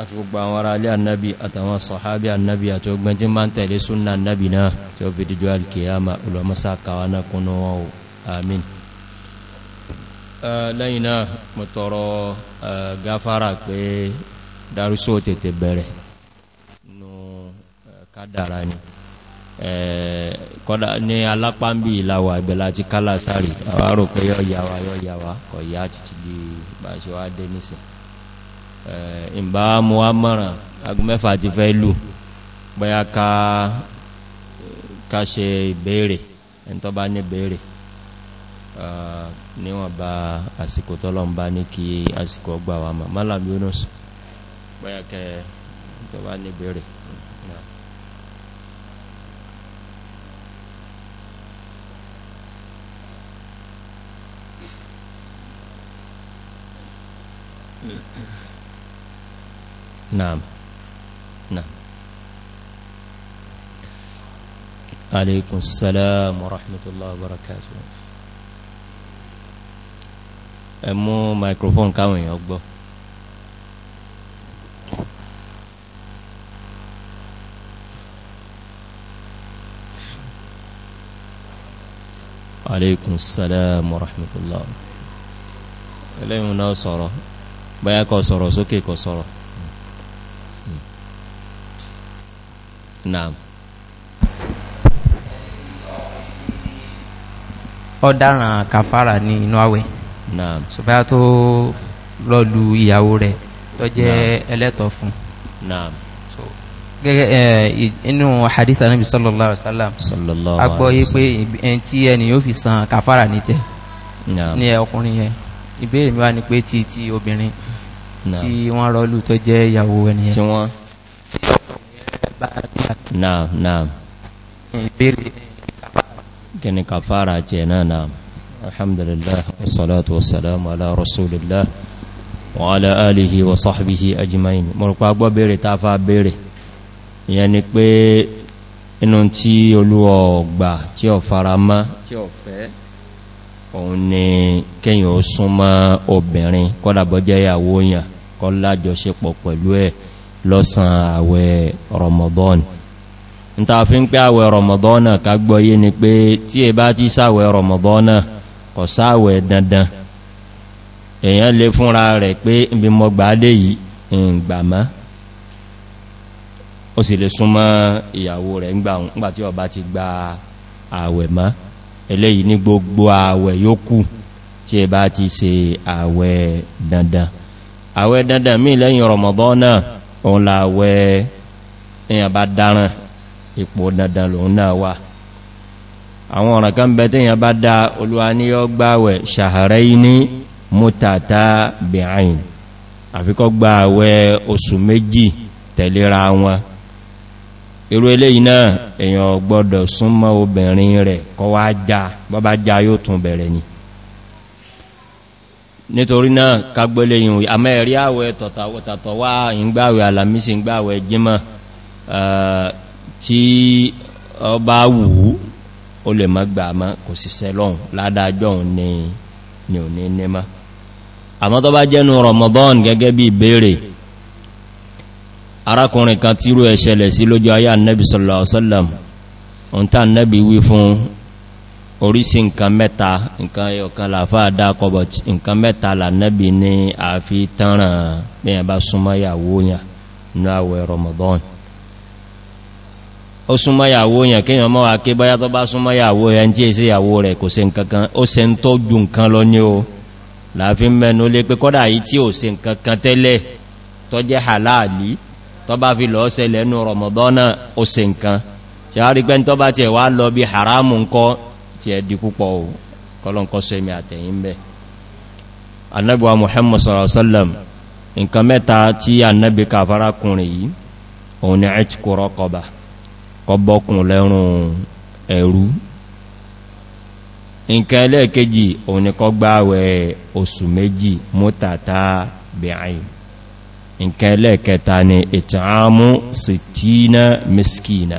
àti gbogbo àwọn ará alẹ́ annabi àtàwọn sọ̀hábí annabi àti ogbọ́n tí máa ń tẹ̀lé súnnà annabi náà tí ó fi díjú alkiyama olùmọ́sá kàwà náà kúnnú wọn o amin lẹ́yìn náà mo tọrọ gáfàrà pé darúsó tètè bẹ̀rẹ̀ nù kádàrà ni kọ́dá ní alápámbì ìlàwà ìbẹ̀lá ti kálà sáré àwárò pé yọ́ yàwá yọ́ yàwá kọ̀ yá títí di bàṣíwá dé nísìn ìbá eh, muhammadu agunmẹ́fà ti fẹ́ lù bóyá ká ṣe ìbéèrè ẹni bá ní ìbéèrè ah, níwọ̀n bá àsìkò tọ́lọ̀ ń ní kí àsìkò ọgbà نعم نعم عليكم السلام ورحمة الله وبركاته أمو مايكروفون كامل يوقف عليكم السلام ورحمة الله إليه من أصره صورة أصره سكيك صورة. náà ọ̀daràn kàfàrà ní inú àwẹ̀ náà ṣùgbọ́n tó lọ́lú ìyàwó rẹ̀ tó jẹ́ ẹlẹ́tọ̀ fún náà inú hadisa nabi sallallahu alaihi wasallam agbọ́ yí pé ẹn tí ẹni yóò fi san kàfàrà ní tẹ́ ní ọkùnrin yẹn ìbéèrè mi wá ní pé ti ti obìnrin tí wọ́n rọ́lù tó jẹ́ ìyàwó ẹni yẹn naam naam kini kafara ce náà naam alhamdulillah wasalatu wasalamu ala rasulillah wa ala alihi wa sahbihi ajimain mọ̀rọ̀pá gbọ́ bèèrè ta fa bèèrè ìyẹn ni pé inú tí olúwọ̀ gbà tí ọ fara mọ́ tí ọ fẹ́ òun ni kíyàn ó súnmọ́ obìnrin kọ́dàbọ́jẹ́ ìyàwó yàn kọ́ lájọṣepọ̀ pẹ̀lú ẹ̀ lọ́sàn àwẹ̀ Ramadan n ta fi ń pé àwẹ̀ Ramadan ká gbọ́yé ni pé tí ẹ bá ti sáwẹ̀ Ramadan kò sáwẹ̀ dandan èyàn lè fúnra rẹ̀ pé ibi mọ́gbà dé yìí ìgbàmá ó sì lè súnmọ́ ìyàwó rẹ̀ ńgbà tí ó bá ti gba àwẹ̀ mọ́ eléyìí ní gbogbo àwẹ̀ dandan mí lẹ́yìn Ramadan òun láwẹ́ èyàn bá dáràn ipò dandan lòun náà wà àwọn ọ̀rọ̀ kan bẹ tí èyàn bá dá olúwa ní ọ gbáwẹ̀ shahraini mutatabi'ain àfikọ́ gba àwẹ̀ oṣù méjì tẹ̀léra wọn irú eléyìí náà èyàn gbọ́dọ̀ súnmọ́ obìnrin rẹ̀ kọwàá já bọ́bá já yóò tún bẹ̀rẹ̀ ni nítorí náà kagbẹ́lẹ̀ ìhùn àmẹ́rí àwẹ̀ tọ̀tọ̀ wá ìgbàwẹ̀ alamisi ìgbàwẹ̀ jímọ̀ tí ọ bá wù ú ó lè mọ́ gbà mọ́ kò sì sẹ́lọ́un ládájọ́ ní òní nímọ́ àmọ́ tó bá jẹ́nu Ramadan gẹ́gẹ́ bí ìbéèrè arákùnrin kan tíró ẹ̀ṣẹ̀lẹ̀ sí lójú ayé annabi sallallahu alaihi wasallam orísí nǹkan mẹ́ta nǹkan ọ̀kan làfá dákọ̀bọ̀ nǹkan mẹ́ta lànẹ́bì ní àfi tánràn bíyàn bá súnmọ́yàwó yàn ní àwẹ̀ Ramadan ó súnmọ́yàwó yàn kíyàn mọ́ wà kí báyá tó bá súnmọ́yàwó yàn tí èsí ìyàwó rẹ̀ kò se nǹkan lọ o se ó se tó tí ẹ di púpọ̀ o kọlọ̀nkọ́sọ èmì àtẹ̀yìn bẹ́ annabuwa muhammad sallam nǹkan mẹ́ta tí annabi kàfàrà kùnrin yìí òun ni ẹ̀tì kúrọ kọba kọbọ́kùn lẹ́rùn ẹ̀rú nǹkan ẹlẹ́ẹ̀kejì òun ni kọ gbáwẹ̀ oṣù méjì mútàtà bẹ̀rẹ̀ nǹkan ẹlẹ́ẹ̀kẹta ni ìtààmú sitina miskina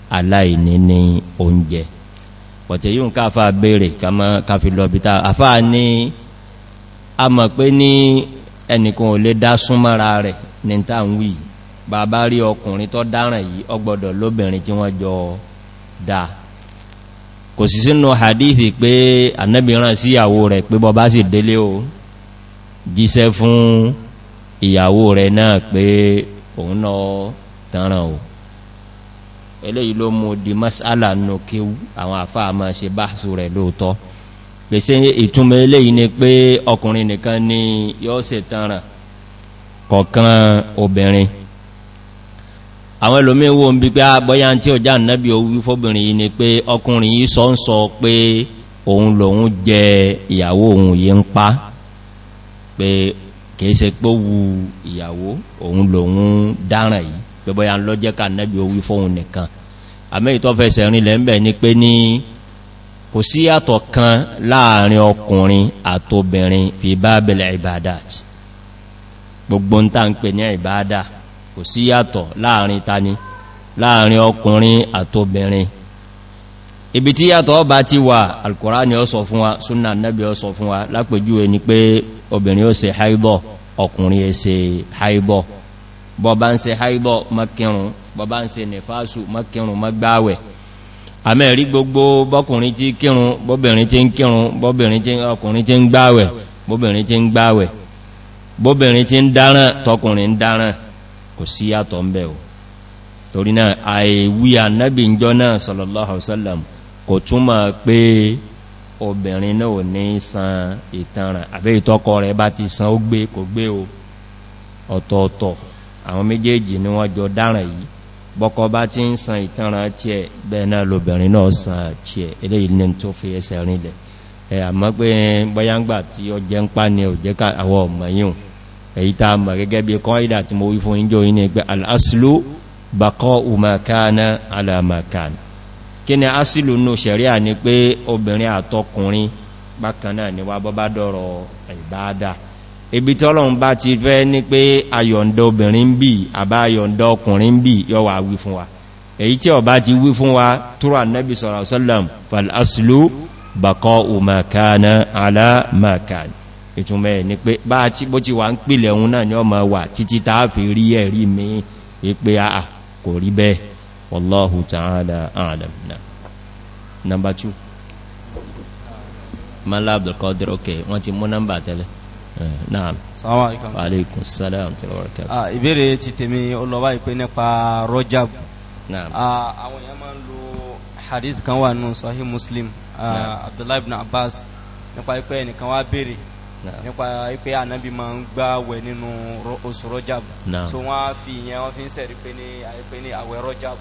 aláìní ní oúnjẹ pọ̀tẹ̀ yíò káfà bèèrè káfí lọ́bítà àfà ní a mọ̀ pé ní ẹnìkan ò lè dá súnmọ́ra rẹ̀ ní tàwí bàbá rí ọkùnrin tó dáràn yìí ọgbọ̀dọ̀ lóbìnrin tí wọ́n jọ dáa kò sí sínú hadithi pé annabiran sí ìyàwó rẹ̀ pé bọba sì délé o jíṣẹ́ fún ìyàwó rẹ̀ náà pé òun náà tanran o eléyìí ló mú di masala nù kí àwọn àfá àmà ṣe bá sù rẹ̀ lóòtọ́ pèsè ìtumọ̀ eléyìí ni pé ọkùnrin nìkan ni yóò ṣe tanràn kọ̀kan obìnrin àwọn ẹlòmí wo ń bí pé àbọ́yá ah, tí ó já nẹ́bí owó fóbìnrin yìí ni pé ọkùnrin yìí sọ ń sọ pé òun lòun jẹ ìyàwó òun yìí ń pa pé kìí ṣe pé wu ìyàwó òun lòun dáràn yìí pẹ̀bọ̀ ya ń lọ jẹ́ ká nẹ́bí owí fóhun nìkan àmẹ́ ìtọ́fẹsẹ̀ rinlẹ̀ ń bẹ̀ ni pé ní kò sí yàtọ̀ kan láàrin ọkùnrin àtobìnrin fi bá bẹ̀lẹ̀ ibadat gbogbo ń ta ń pè ní ibada kò sí yàtọ̀ láàrin tani láàrin ọkùnrin àtobìnrin ibi tí yàtọ̀ ọba ti wà alkùránì ó sọ fún wa súnà nẹ́bí ó fún wa lápèjúwe ni pé obìnrin ó ṣe haibọ̀ ọkùnrin ó ṣe haibọ̀ bọ̀bá ń ṣe haibọ̀ makirun bọ̀bá ń ṣe nìfásù makirun magbáwẹ̀ àmẹ́rí gbogbo bọ́kùnrin tí kírun bọ́bìnrin tí ń kírun bọ́bìnrin tí ọkùnrin tí ń gbáwẹ̀ bọ́bìnrin tí ń gbáwẹ̀ bọ́bìnrin tí ń dáràn tọkùnrin ń dáràn kò sí yàtọ̀ ń bẹ̀ o torí náà àìwí ànábì ń jọ náà sallallahu alaihi obìnrin náà ní san ìtanràn àbẹ́ ìtọ́kọ rẹ̀ bá ti san ó gbé kò gbé o ọ̀tọ̀ọ̀tọ̀ àwọn méjèèjì ni wọ́n jọ dáràn yìí bọ́kọ bá ti ń san ìtanràn tí ẹ bẹ́ẹ̀ náà lóbìnrin náà san tí ẹ ilé ilé tó fi ẹsẹ̀ rinlẹ̀ ẹ àmọ́ pé bọ́yángbà tí ó jẹ́ ń pá ní òjẹ́ àwọn ọmọ yìí al'aslu bakọ́ umakana alamakan kí ni asìlù nù sẹ̀ríà ni pé obìnrin àtọkùnrin bákan náà ni wá bọ́bá ibi tí ọlọ́run bá ti fẹ́ ní pé ayọ̀ǹdọ̀ obìnrin bí àbá ayọ̀ǹdọ̀ ọkùnrin bí yọwà wí fún wa èyí tí ọba ti wí fún wa túrò annabi sọ̀rọ̀sọ́lọ̀m fal'aslu bakọ́ umakana ala makan ìtumẹ̀ ní pé bá ti bó ti wà ń pìlẹ̀ ohun náà ni ọmọ wà títí táà wallahu ta'ala alam na number 2 mala abdulkadir okay wọ́n ti mú nọ́mbà tẹ́lẹ̀ 2 naam alaikum salam ah, ìbéèrè ti tèmi olọ́wà ìpé nípa rọ́jàb ah èèyàn máa ń lo hadith kan wà nù sahih muslim ah, abdullahi ibn abbas nípa ìpé ẹnìkan wá béèrè nípa ìpé ànábì máa ń gbààwẹ̀ nínú oṣù rọ́jàb so wọ́n fi ìyẹn wọ́n fi ń sẹ̀rí pé ní àwẹ̀ rọ́jàb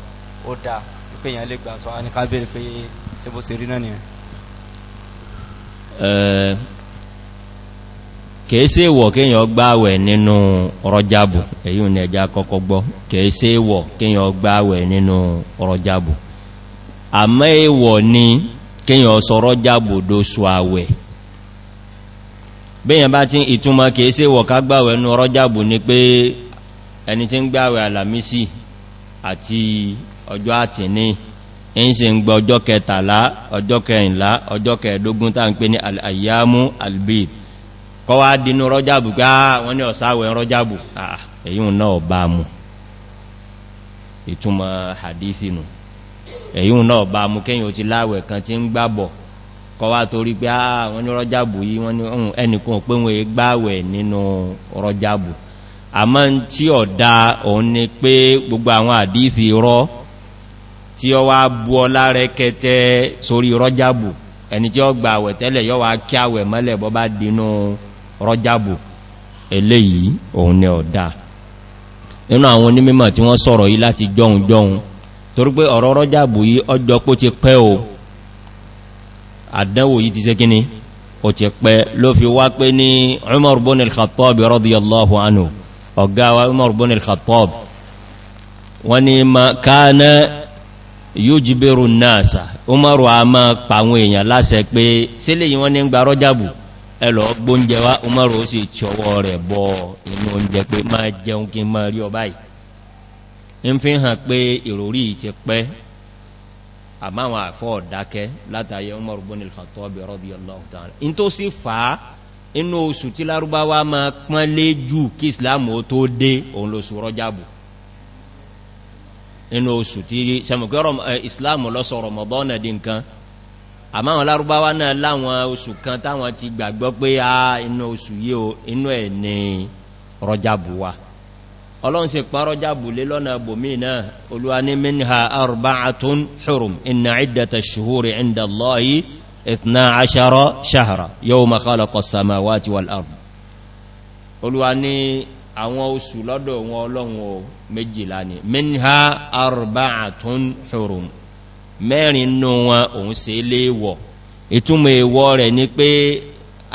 ó dáa pé èèyàn lè gbà sọ àníká béèrè pé ṣe bó ṣe rí náà nìyẹn eh, kèése wọ̀ kíyàn gbáwẹ̀ nínú rọjábù èyí ni ẹja kọ́kọ́ gbọ́ kèése wọ̀ kíyàn gbáwẹ̀ nínú rọjábù àmọ́ ni kíyàn sọ do dóṣù àwẹ̀ bíyàn bá tí ìtumọ̀ kèése wọ̀ in se gba ọjọ́ kẹtàlá ọjọ́ kẹrìnlá ọjọ́ kẹẹ̀dógún ta al kọ́ wá dínú rọ́jàbù gáà ah, wọ́n ní ọ̀sáwẹ̀ rọ́jàbù ah, èyíun náà bá mú ìtumọ̀ hadithinu èyíun náà bá mú kíyàn ti láwẹ̀ kan ti ń gbábọ̀ kọ́ wá torí pé ah, wọ́n ní rọ́jàbù yí wọ́n ní ẹnìkan pé wọ́n e gbáwẹ̀ nínú rọ́jàbù àmọ́ tí ọ̀dá òun ni pé gbogbo àwọn àdífi rọ́ tí ọ wá rọ́jábù eléyìí òun ni ọ̀dá inú àwọn onímọ̀ tí wọ́n sọ̀rọ̀ yìí láti jọun jọun torí pé ọ̀rọ̀ rọ́jábù yìí ọjọ́ pó ti pẹ́ o àdánwò yìí ti sẹ́kíní o ti pẹ́ ló fi wá pé ní Umar ibn al-Khattab radiyallahu anhu ọ̀gá Umaru a máa pàwọn ẹlọ gbóúnjẹ wá umaru ó sì tí ọwọ́ rẹ̀ bọ inú oúnjẹ pé máa jẹun kí máa rí ọba yìí ń fi hàn pé ìròrí ti pẹ́ àmáwọn àfọ́ ọ̀dákẹ́ látàyẹ umaru bó nílùú tó ọbẹ̀ rọ́bí ọlọ́ọ̀tàn in tó sì fà á inú oṣù àmá àwọn lárúbáwá náà láwọn oṣù kan táwọn ti gbàgbọ́ pé a inú oṣù yí o inú ẹ̀ ni rọjàbù wa ọlọ́run sì pa rọjàbù lé lọ́nà bòmí náà olúwa ní minha arba'atun hurum inna iddata shuhuri inda allahi ithna ashara shahara mẹ́rin nú wọn òun se lé wọ̀ ìtúnmọ̀ èwọ rẹ̀ ni pé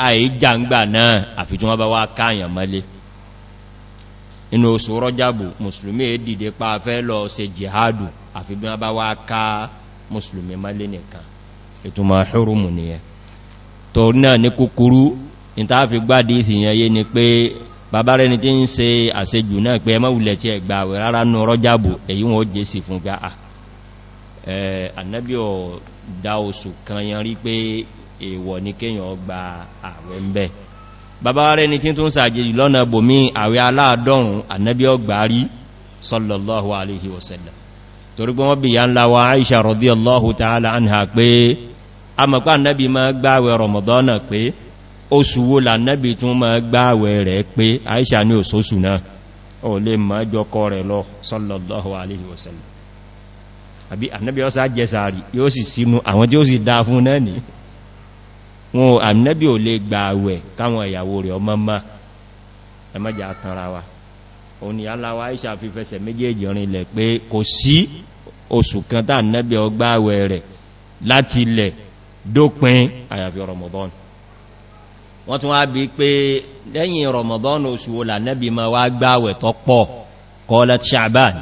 àìjàngbà náà àfijún wọn bá wá káàyàn mọ́lé inú oṣù rọ́jàbù musulmi dìde pa fẹ́ lọ se jihadu àfijún wọn bá wá ká musulmi mọ́lé nìkan ìtúnmọ̀ ṣúrùmù nìyẹn tó náà ní kúkúrú ìtàfi gbádì ìfìyànyé ni pé bàbá ni se àsejù náà pé ẹmọ́ wùlẹ̀ tí ẹgbà rẹ̀ rárá nú annabi ò dá oṣù kan yan rí pé èèwọ̀ ní kéyàn gba àwẹ̀ ń bẹ́ bàbá rẹ̀ ni tí tó ń sàjèjì lọ́nà bòmí àwẹ̀ aláàdọ́rùn annabi ò rí sallallahu alaihi wasallam torí pé wọ́n wa aisha radiyallahu ta'ala anha pé a mọ̀ pé annabi ma gbáwẹ̀ ramadana pé oṣù wo la aisha ní òṣòṣù náà ò sallallahu alaihi wasallam àbí ànábí ọ́sá jẹsàárì yóò sì sínú àwọn tí ó sì dáa fún náà ní wọn ànábí ò lè gba àwẹ̀ káwọn ìyàwó rẹ̀ ọmọ mọ́ ẹmọ́jà tanra wa o ni aláwá iṣà fi fẹsẹ̀ méjèèjì rinlẹ̀ pé kò sí oṣù kan tá ànábí ọgbà àwẹ̀ rẹ̀ láti ilẹ̀ dópin àyàfi rọmọdán wọ́n tún wá bí pé lẹ́yìn rọmọdán oṣù wo lànẹ́bí ma wá gbáwẹ̀ tọ́pọ̀ kọ́lẹ̀ ṣàbáni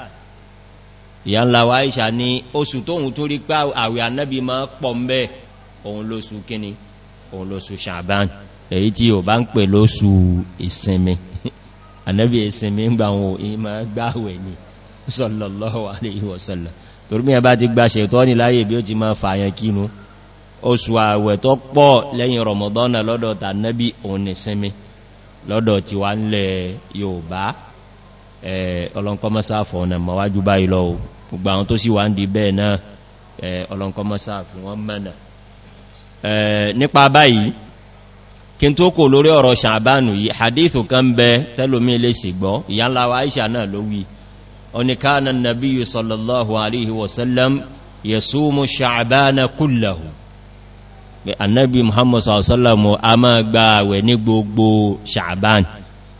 ìyá ńlá wa Àìṣà ní oṣù tóhun tó rí pé àwẹ̀ ànábì ma pọ̀ mẹ́ òun lóṣù kíni òun lóṣù ṣàbán èyí tí ò bá ń pè lóṣù ìsinmi ànábì ìsinmi ń gbà wọn èyí ma gbáwẹ̀ ni sallallahu alayhi wa sallam torí mẹ́yàn bá ti gba ṣètọ́ ní láyé bí ó ti máa ọlọ́nkọmọ́sáàfù ọ̀nà mọ̀wájú báyìí lọ gbogbo àwọn tó sì wà ń di bẹ́ẹ̀ náà ọlọ́nkọmọ́sáàfù wọ́n mẹ́nà nípa báyìí kí n tó kò lórí ọ̀rọ̀ ṣàbánù yìí hadithu kan bẹ tẹ́lómí lè sì gbọ́ ìyánláwà aisha náà ló wí oníkánà nàbíyù sallallahu alaihi wasallam yẹ súnmù ṣàbánà kúllahu annabi muhammadu sallallahu a máa gba àwẹ̀ ní gbogbo ṣàbánù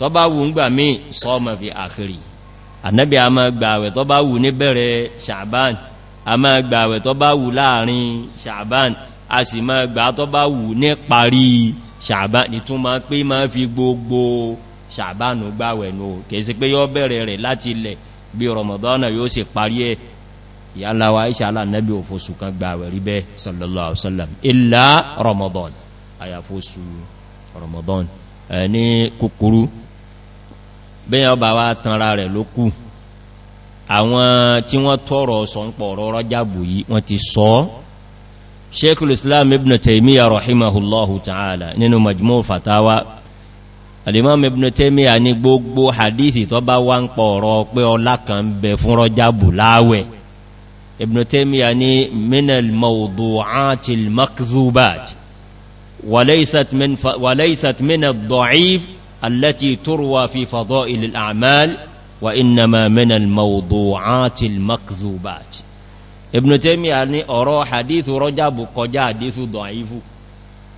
tó bá wù ń gbà mí sọ́ọ̀mọ̀ fi àkìrì ànábì a máa gbàwẹ̀ tó bá wù ní bẹ̀rẹ̀ ṣàbán a máa gbàwẹ̀ tó bá wù láàrin ṣàbán a sì máa gbà tó bá wù ní parí ṣàbán ní máa pé máa fi gbogbo ṣàbán gbàwẹ̀ Ramadan àyàfosù Ramadan bẹ́yàn ọba wá tanra rẹ̀ ló kú àwọn tí wọ́n tọ́rọ sọ ń pọ̀ rọrọ jábù yìí wọ́n ti sọ sheikul islam ibn taimiyya rahimahullahu ta'ala nínú majmọ́ fatawa alimam ibn taimiyya ní gbogbo hadithi tó bá wá ń pọ̀ rọ pé ọlá kan bẹ fún rọ jábù láwẹ̀ ibn taimiyya ní minal mawdu'atil makzubat walaysat التي تروى في فضائل الأعمال وإنما من الموضوعات المكذوبات ابن تيمي يعني أرى حديث رجب قجا حديث ضعيف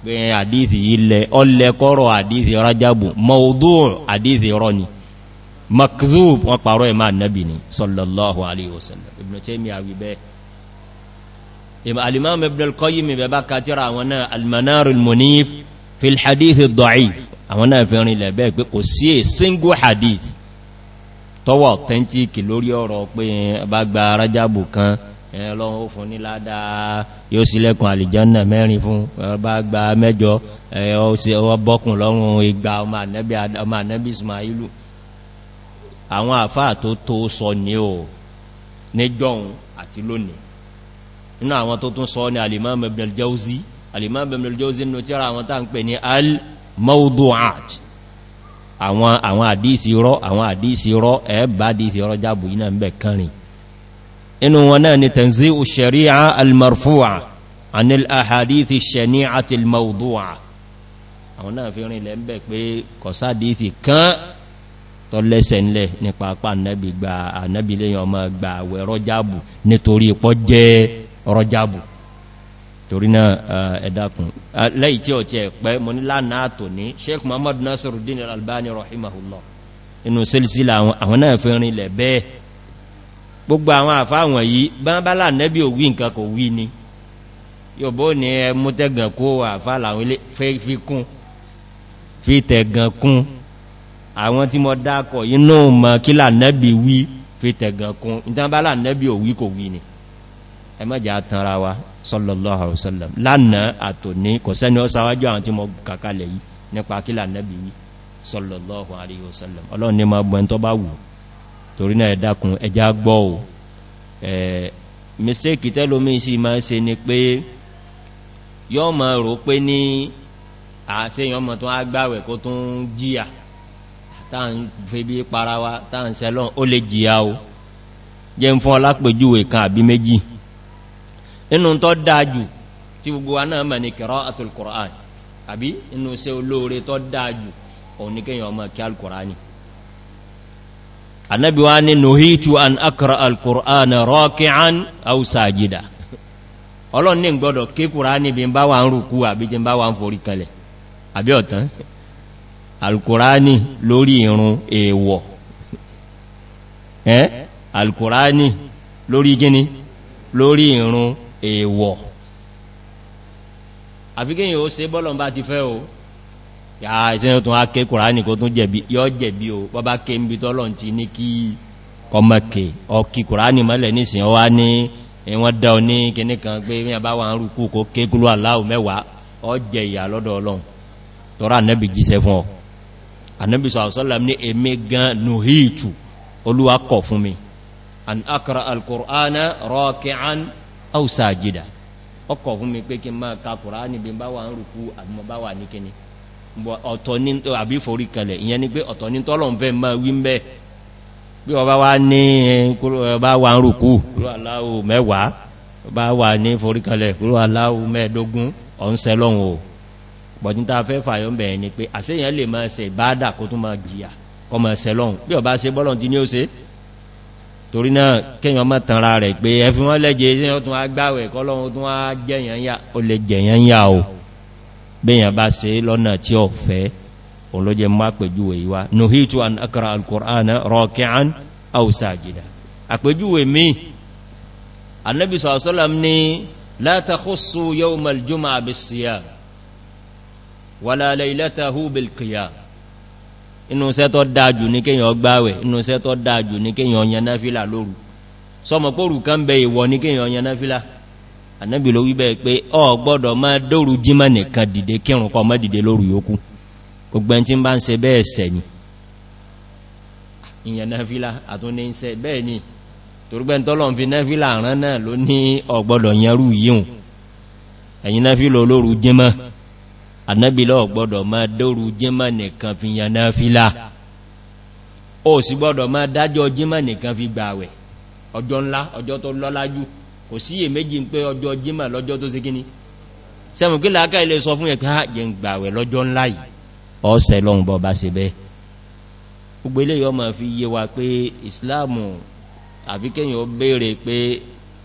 بين حديث يلي أولي قروا حديث رجب موضوع حديث رني مكذوب وقروا مع النبي صلى الله عليه وسلم ابن تيمية يعني بيه الإمام ابن القيم ببكاترة المنار المنيف في الحديث الضعيف àwọn náà fi rìn lẹ̀bẹ́ pé kò sí è single hadith tọ́wọ́ authentic lórí ọ̀rọ̀ pé bá gba rájábù kan ẹ̀lọ́run ó fún ní ládáa yóò sí lẹ́kùn àlìjánà mẹ́rin fún bá gba mẹ́jọ ẹ̀ọ́ bọ́kùn lọ́rùn igba ọmọ ànẹ́bí ismailu àwọn àfáà tó tó sọ ní o níjọ́un àti lónìí inú àwọn tó tún sọ al mawdu'at àwọn àwọn àdísì rọ́ àwọn àdísì rọ́ ẹ̀ẹ́bà àdísì rọ́ jábù yínà ń bẹ̀ kánrin inú wọn náà ni tanzi o ṣari'a almarfu'a anil ahadithi shani'ati almawdu'a àwọn náà fi rìn lẹ́m̀bẹ̀ pé kọ̀sádìífì kan tó lẹ́sẹ̀ ńlẹ̀ nípa apá ànábì torí náà ẹ̀dàkùn lẹ́yìn tí ó ti ẹ̀pẹ́ mọ̀ ní lánàá tò ní sheikh muhammad nasiruddin al-albani rahimahullah inú sílsílà àwọn náà fi rin ilẹ̀ bẹ́ẹ̀ gbogbo àwọn àfáwọn yìí bá bá lánẹ́bí òwí nǹkan kò wí ni yóò bó ní ẹmú tẹ́gàn kó àfá làwọn ilé fi kún fi tẹ̀gàn kún àwọn tí ẹmọ́jà tanra wa sallallahu alaihi wasallam lánàá àtò ní kò sẹ́ni ó sáwájú àwọn tí mo kàkalẹ̀ yìí nípa kílà nẹ́bì yìí sallallahu alaihi wasallam ọlọ́run ní ma gbọ́n tó bá wù torí náà ẹ̀dàkùn ẹja gbọ́ ò mistake tẹ́lómi sí ma ṣe ni pé yọ́ ma rò pé ní àṣẹyàn ọmọ tó agbáwẹ̀ kó tó jẹ́ ń fún ọlápẹ̀júwẹ̀ kan àbí méjì inú tó dájú tí gbogbo wa náà mọ̀ ní qira'atul Qur'an àbí inú ṣe olóore tó dájú òun ní ọmọ kí al-Qur'ani annabi wa ni nuhitu an akra al-Qur'ana raki'an aw sajida ọlọ́run ní gbọ́dọ̀ kí Qur'ani bí n bá wà ń rùkú àbí jẹ bá wà ń forí kalẹ̀ àbí ọ̀tán al-Qur'ani lórí ìrun èèwọ̀ eh al-Qur'ani lórí gíní lórí ìrun èèwọ̀ àfikẹ́yìn ó se bọ́lọ̀ bá ti fẹ́ o yà ìsẹ́yìn tún á ké kùránì kó tún jẹ̀bi yọ jẹ̀bi o bọ́bá ké ń bí tọ́lọ̀ ti ní kí kọmọkè ọkì kùránì mọ́lẹ̀ nísìn ọwá ní wọ́n dá o ní kìní kan pé mẹ́bá wà ń rúkú kó ké kúrú aláhù mẹ́wàá ọ jẹ ìyà lọ́dọ̀ ọlọ́run tọ́rọ aw sajida ọkọ̀ fún mi pé kí n máa ka Kùránì bí bá wà ń rùkú àbí mo bá wà ní kíní ọ̀tọ̀ ní àbí forí kalẹ̀ ìyẹn ni pé ọ̀tọ̀ ní tọ́lọ̀n fẹ́ máa wí mẹ́ bí ọba wá ní bá wà ń rùkú kúrò aláwò mẹ́wàá bá wà ní forí kalẹ̀ kúrò aláwò mẹ́ẹ̀dógún ọ̀nsẹ́ lọ́hun o bọ̀tí ta fẹ́ fàyọ́ mẹ́ torí náà kíyàn mọ́ tanra rẹ̀ pé ẹfin wọ́n lẹ́jẹ́ ilé ọdún agbáwẹ̀ kọ́lọ́run tún wá jẹ̀yàn yà o bẹ́yàn bá se lọ́nà tí ó fẹ́ òun ló jẹ mọ́ àpèjúwe ìwá nuhitu an akara alkùránà rọ̀kíán àwùsàjìdà àpèjúwe mi annabi sọ̀sọ́lọ́m ni látàkóso yau maljuma inú iṣẹ́ tó dájú ní kíyàn gbáwẹ̀ inú iṣẹ́ tó dájú ní kíyàn yan náfílà lóru sọmọ̀ pòrù kan bẹ ìwọ̀ ní kíyàn yan náfílà Ànábì ló wíbẹ̀ pé ọ gbọ́dọ̀ máa dóru jímọ̀ nìkan dìde kírun kò má dìde lóru yókù gbogbo ẹn ni ìyàn náfílà àtún ní ṣe bẹ́ẹ̀ ni torúgbẹ́ tọ́lọ̀n fi náfílà rán náà annabilọ́ gbọ́dọ̀ ma dóru jímọ̀ nìkan fi yaná fílá ó sì gbọ́dọ̀ ma dájọ́ jímọ̀ nìkan fi gbàwẹ̀ ọjọ́ ńlá ọjọ́ tó lọ́lájú kò sí è méjì ń pé ọjọ́ jímọ̀ lọ́jọ́ tó sí kíní sẹ́mùkí láàká ilé sọ fún ẹ̀kẹ́ jẹ gbàwẹ̀ islamu àfikẹ́yìn ó béèrè pé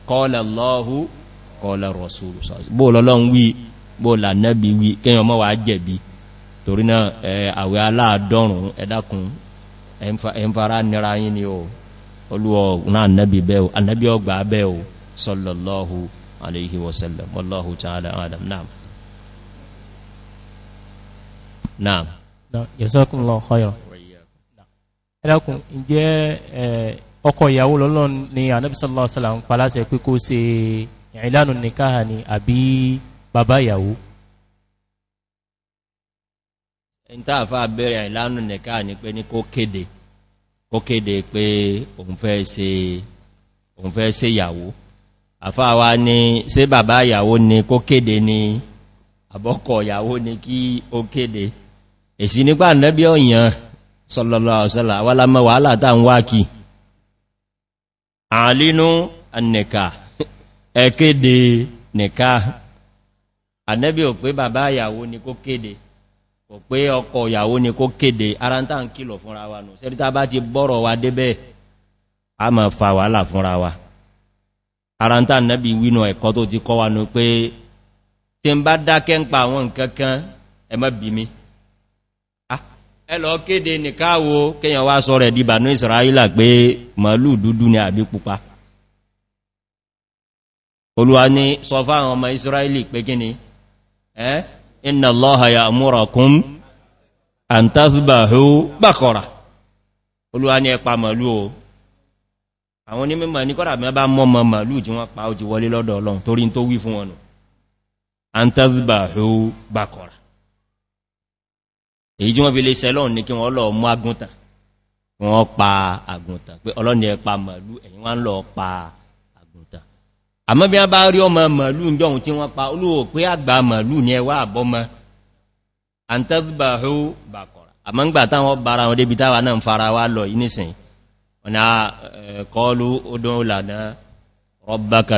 kọ́ọ̀lẹ̀ lọ́hù kọ́ọ̀lẹ̀ rọ̀sùlù bóòlọ́lọ́ ń bóòlà nẹ́bí wí kíyàn mọ́ wà jẹ̀bi torí náà àwẹ́ aláàdọ́rùn ẹ̀dàkùn ẹ̀mfàrà nira yìí ni o olúwọ̀ náà anẹ́bí ọgbà bẹ́ẹ̀ o sallallahu alaihi wasallam wallahu ta'ala adam naam naam jazakumullahu khairan ẹ̀dàkùn ǹjẹ́ ọkọ ìyàwó lọ́lọ́ ni anẹ́bí sallallahu alaihi wasallam paláṣẹ pé kó ṣe ìlànà nìkáhà ni àbí bàbá ìyàwó ẹni tààfà bẹ̀rẹ̀ ìlànà nìká ní pé ní kó kéde kó kéde pé òun fẹ́ ṣe ìyàwó àfáàwá ni ṣe bàbá ìyàwó ni kó kéde ni àbọ́kọ̀ ìyàwó ni kí ó kéde èsì nípa nẹ́bí ọ̀yàn sọlọ̀lọ̀ ọ̀sọ́lá wà lámọ́ ànẹ́bí ò pé bàbá ìyàwó ni kó kéde kò pé ọkọ ìyàwó ni kó kéde ara ń tàà ń kìlọ̀ fúnra wa nù sẹ́rí tá bá ti bọ́rọ̀ wa débẹ̀ a mọ̀ fa wàhálà fúnra wa ara ń tàà nẹ́bí wínú ẹ̀kọ́ tó ti kọ́ wa nù pé tí ń bá dákẹ́ ń pa àwọn nǹkan kan ẹmọ́ bí mi ah, ẹlọ kéde nìkáwo kéyàn wá sọ rẹ̀ dìbànú ìsìráílà pé màálù dúdú ni àbí pupa olúwa ní sọ fáwọn ọmọ ìsìráílì pé kíni Eh? inna allaha ya amurakum an tasbahu bakora olúwa ní ẹpa màlú o àwọn onímọ̀ ní kọ́rà mẹ́bá mọ́mọ̀ màlú jí wọ́n pa ó ti wọlé lọ́dọ̀ ọlọ́run torí tó wí fún wọn an tasbahu bakora èyí jí wọ́n fi lè sẹ́lọ́n lọ pa agúntàn pé ọlọ́ni ẹpa ẹ̀yìn wọ́n lọ àmọ́ bí a bá rí ọmọ màálù jọun tí wọ́n pa olúwò pé àgbà màálù ní ẹwà àbọ́mọ́ antẹ́gbàhó bàkọ̀rà àmọ́ ń gbà táwọn bára wọn débi táwà náà ń fara wá lọ inísìn ọ̀nà kọlu odun lànà rọ́bàkà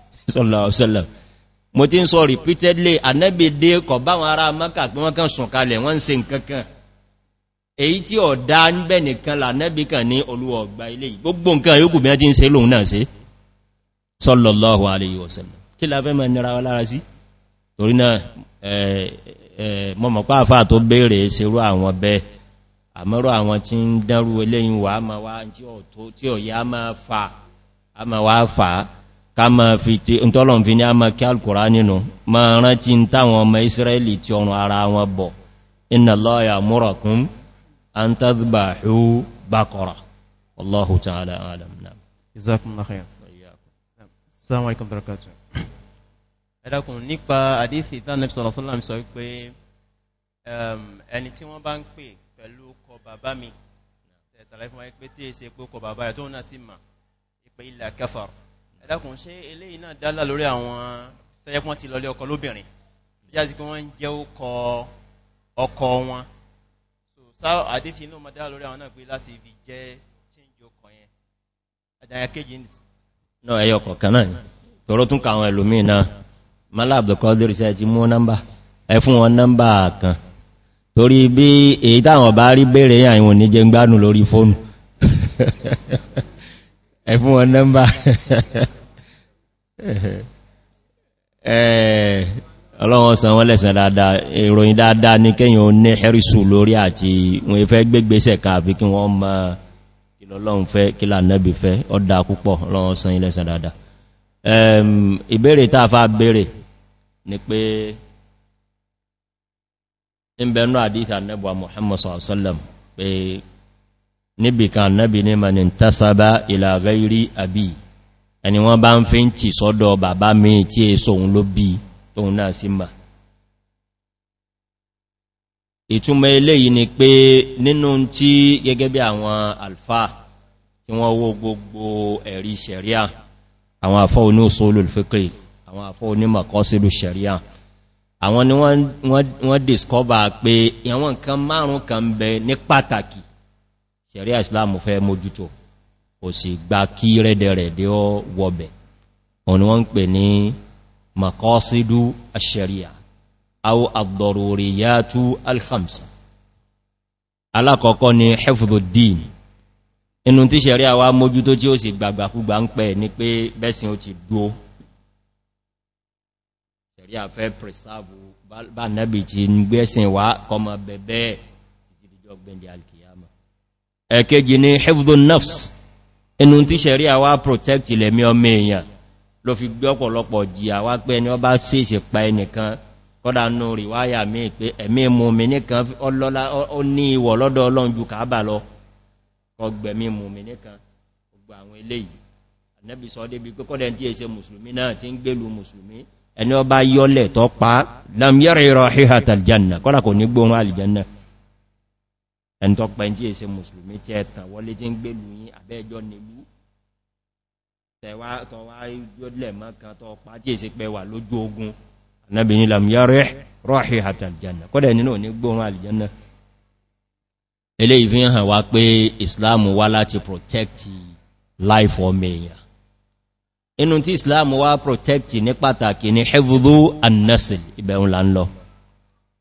sọ́lọ̀ọ̀sọ́lọ̀ mo ti ń sọ repeatedly anẹ́bì dé kọ̀ báwọn ará mọ́kà pé wọ́n kàn sùn kalẹ̀ wọ́n ń se nkankan èyí tí ọ̀ dá ń bẹ̀ nìkan lànẹ́bì kan ní olúọ̀gbà ilé gbogbo nǹkan yóò kùnbí ẹjí ń se lóhun náà sí sọ́lọ̀lọ́hù àmọ́rọ̀ àwọn tí ń dánrú eléyìn wà á ma wá tí ọ̀ yá máa fà á ma wá fà á ká ma fi tí ìtọ́lọ̀n fi ní a ma kí alkùnrá nínú ma rántí táwọn ọmọ israeli tí ọrùn ara wọn bọ̀ iná lọ́ọ̀yà múrọ̀kún an tàbí hù bákọ̀rọ̀ allahu ta'ala alam na ẹ̀dàkùn nípa àdífì ìtànẹ́bì sọ̀rọ̀sọ́lá sọ pé um, ẹni tí wọ́n bá ń pè pẹ̀lú kọ bàbá mi ẹ̀sàlẹ́fún wáyé pé tí èsì pé kọ bàbá ẹ̀dàkùn ṣe eléyìí náà dálà lórí àwọn tẹ́yẹ́pọ́n ti lọlé ọkọ lóbìnrin yá sí pé wọ́n jẹ́ ọkọ wọn so àdífì inú mọ́dá lórí àwọn náà pé láti fi jẹ́ change ọkọ yẹn àdáyà kéjì náà ẹyọ kọ̀ọ̀kan náà ni tọrọ tún kàwọn ẹlòmíì náà mọ́lá àbdọ̀kọ́dúrí sẹ́ ti mú nọ́mbà ẹ fún wọn nọ́mbà kan torí bí èyí táwọn bá rí bèèrè àìwọ̀n ní jẹ gbádùn lórí fóònù ẹ̀fún wọn nọ́mbà ọlọ́wọ́n san wọ́n lẹ́sàn dáadáa ìròyìn dáadáa ní kíyàn ní hẹ́rìsù lórí àti wọ́n fẹ́ gbégbésẹ̀ káàfi kí wọ́n mọ́ ìlọ́lọ́run fẹ́ kí lànẹ́bì fẹ́ ọdá púpọ̀ ọlọ́wọ́n san ilẹ́sàn dáadáa ìbéèrè tàà fà béèrè ni pé ń bẹ̀rún àdíta nẹ́bùwa muhammadu sallam pé níbi kan nábi ní manin tasaba ila gairi àbí ẹni wọ́n bá ń fi ń tì sọ́dọ̀ bàbá mi tí è sóhun ló bí tóhun náà sí ma ìtumọ̀ eléyìí ni pé nínú tí gẹ́gẹ́ bí àwọn alfa tí wọ́n wó gbogbo ẹ̀rí sẹ̀ríà àwọn àfọ́ oní òṣòlù fíkì àwọn àfọ́ oní makọ́sílù sẹ̀ríà àwọn ni wọ́n discover pé àwọn nǹkan márùn-ún kan bẹ ní pàtàkì ṣẹ̀rí islam fẹ́ mójútó kò sì gba kí rẹ̀dẹ̀rẹ̀dẹ̀ ọ wọbẹ̀ ọ̀nà wọ́n ń pè ní makọ́sídú aṣẹ́ríà au àdọ̀rọ̀rẹ̀ yàtú alhamsa alákọ̀ọ́kọ́ ni hefudodin inú tí ṣẹ̀rí àwá mójútó tí ó sì gbàgbàkúgbà ń pẹ̀ ní pé bẹ́sìn ó ti dúó ṣẹ̀rí àfẹ́ preserve bá nẹ́bì ti ń gbẹ́sìn wá kọmọ bẹ̀bẹ́ ìjọgbẹ̀ndì alkiyar ẹ̀kẹ́jì ní hifdhun nafs inú tí ṣẹ̀rí àwá protect ilẹ̀mí ọmọ èèyàn ló fi gbé ọ̀pọ̀lọpọ̀ jí àwá pé ẹni ọba sí ìṣẹ̀pa ẹnìkan kọ́dà nù rí wáyà mí pé ẹ̀mí mùmí nìkan ọlọ́lá ó ní ìwọ̀ lọ́dọ̀ ọlọ́run ju kàábà lọ ọgbẹ̀mí mùmí nìkan gbogbo àwọn eléyìí anẹ́bì sọ débi pé lam yẹ́rẹ̀ ìrọ̀ híhatal janna kọ́dà kò ní gbóhun alìjanna ẹ̀ntọ́pẹ́ jí èsẹ mùsùlùmí tí ẹ̀tàn wọlé tí ń gbé lù yí àbẹ́ẹjọ́ nílú tẹwàá yóòlẹ̀ mọ́kan tọ́ pa jí èsẹ pẹ wà lójú ogun anábìnrin lamyarẹ́ rọ́ọ̀hì àtàlìjànà kọ́dẹ̀ nínú ní gbóhun àlìjànà ilé ìfihàn wá pé life ọmọ èèyàn inú tí islam protect ní pàtàkì ní hevudu annasil ibẹ̀un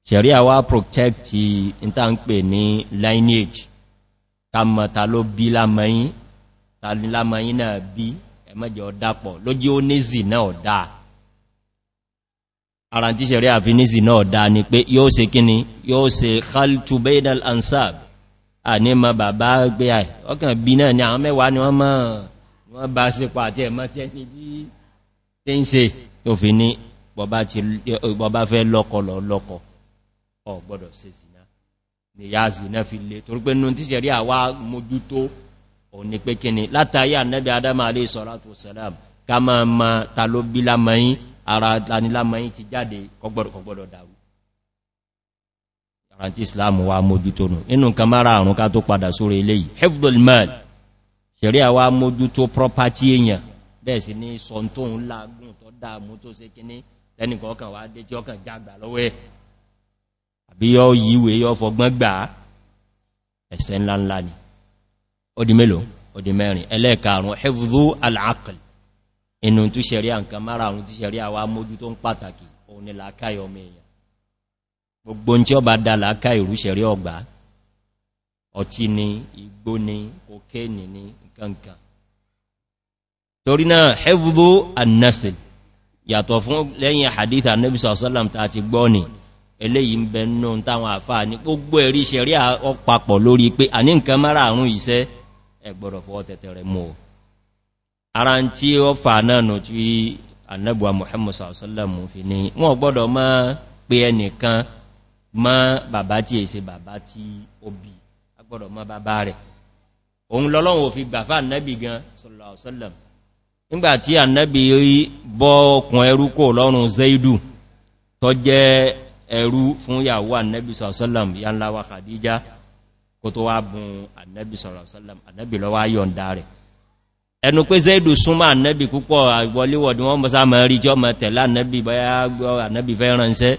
ṣẹ̀rí àwá protect ìta ń pè ní lineage ta mọ̀ ta ló bí lámọ́yìn ta ní lámọ́yìn náà bí ẹmọ́jẹ̀ ọ̀dápọ̀ lójí ó nízì náà ọ̀dá ara tí ṣẹ̀rí àfi nízì náà ọ̀dá ni pé yóò se kíni yóò se khaltu ansab a ní mọ bàbá gbé àì ọkàn bí náà ni àwọn mẹ́wàá ni wọ́n mọ́ wọ́n bá sí pa àti ẹ̀mọ́ tí ẹni tí ń se òfin ní bọ̀bá fẹ́ lọ́kọ̀lọ̀ lọ́kọ̀ọ́ ọ̀gbọ́dọ̀ ṣe zina ni ya zina fi le torípé nínú tí sẹ̀rí àwá mójútó ò ní pé kíni látàrí ànẹ́bẹ̀ adama alé sọ́látò sẹ́lám ká ma ma ta ló bí lámọ́yìn ara lánilámọ́yìn ti jáde kọgbọ́dọ̀ dàrú àrántí islam wa mójútó nù inú kan mara àrùn ká tó padà sórí mal sẹ̀rí àwá mójútó property èèyàn bẹ́ẹ̀ sí ní sọ tóun lágùn tó dáa mú tó sé kíní tẹ́nìkọ̀ọ́kàn wá dé tí ọkàn jágbà lọ́wọ́ bí yọ yíwé yọ fọgbọ́n gbà ẹ̀sẹ̀ ńláńlá ni ọdí mélòó ọdí mẹ́rin ẹlẹ́ẹ̀kàrùn ẹ̀fùdó al'aql inú tó ṣẹ̀rí àǹkan márààrùn tó ṣẹ̀rí àwá mójú tó ń pàtàkì òun ni làákàí ọmọ èèyàn gbogbo tí ó bá dá làákàí ìrú ṣẹ̀rí ọgbà ọtí ni igbó ni kokéènì ni nkankan torí náà ẹ̀fùdó annasil yàtọ̀ fún lẹ́yìn eléyìí ń bẹ náà táwọn àfáà ní gbogbo ẹ̀rí ṣẹ̀rí ọpapọ̀ lórí pé a ní nǹkan mara àrùn iṣẹ́ ẹgbọ̀rọ̀ fọwọ́ tẹ̀tẹ̀ rẹ̀ mọ́ ara ń tí ó fà náà nù tí annabuwa muhammadu sallam fi ní wọ́n gbọ́dọ̀ mọ́ pé ẹnìkan mọ́ bàbá tí è ṣe bàbá tí annabi nígbàtí annabi bọ́ ọkùn ẹrú kò lọ́rùn zaidu tó jẹ́ ẹrú fún yàwó annabi sallam ya ńlá wa khadija kò tó wá bùn annabi sallam annabi lọ wá yọ̀nda rẹ̀ ẹnu pé zaidu súnmọ́ annabi púpọ̀ àgbọléwọ̀dí wọ́n mọ́sá mọ́ rí jọ́ mọ́ tẹ̀lá annabi báyá gbọ́ annabi fẹ́ ránṣẹ́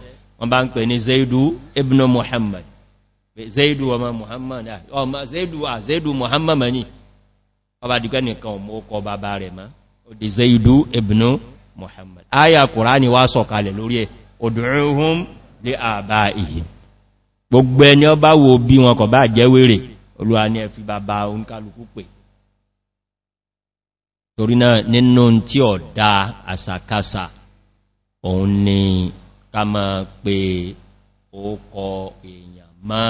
zaidu ibn muhammad zaidu ọmọ muhammad zaidu à zaidu muhammad ni ọba dìgbẹ́ nìkan mọ́ ọkọ̀ bàbá rẹ̀ zaidu ibn muhammad aya kùránì wá sọ̀kalẹ̀ lórí ẹ̀ òdùnrún lé àbá èyí gbogbo ẹni ọ bá wo bí wọn kọ̀ bá jẹ́ wèrè olúwa ní ẹ̀fì bàbá oníkàlùkù pè torí náà nínú tí ọ̀ dá àsàkásà òun ni ká mọ́ pé ó kọ èèyàn mọ́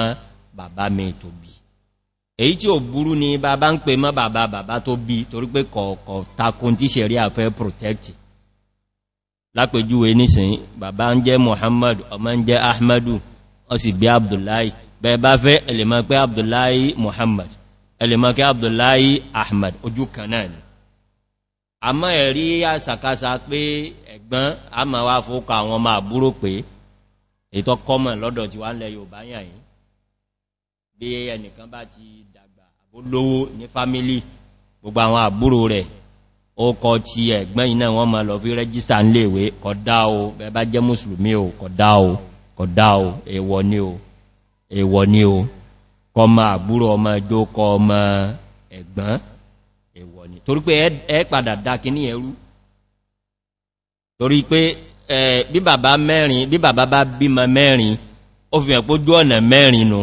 bàbá mi tó bí èyí tí ò burú ni bàbá ń pè mọ́ bàbá bàbá tó bí torí pé kọ̀ọ̀kọ̀ takun tí sẹ̀rí àfẹ́ protective lápẹjúwe nísìn bàbá ń jẹ́ Muhammad ọmọ ń jẹ́ Ahmadu ó sì bí Abdullahi bẹ́ẹ̀ bá fẹ́ ẹlẹ́mọ́ pé Abdullahi Muhammad ẹlẹ́mọ́ pé Abdullahi Ahmad ojú kan náà ni a mọ́ ẹ̀rí àsàkásá pé ẹ̀gbọ́n a ma wá fókà àwọn ọmọ àbúrò pé ètò kọmọ̀ lọ́dọ̀ tí wá ń lẹ Yorùbá bá ti dàgbà àbólówó ní fámílì gbogbo àwọn àbúrò ọkọ̀ ti ẹ̀gbẹ́ iná wọn ma lọ fi rẹ́gísítà ń léèwé kọ̀dá o bẹba jẹ́ mùsùlùmí o kọ̀dá o kọ̀dá o èwọ̀ ni o èwọ̀ ni o kọ ma àbúrò ọmọ ẹjọ́ kọ ọmọ ẹ̀gbọ́n èwọ̀ ni torí pé ẹ padà dákí ní ẹrú torí pé bí bàbá mẹ́rin bí bàbá bá bímọ mẹ́rin ó fi hàn pójú ọ̀nà mẹ́rin nù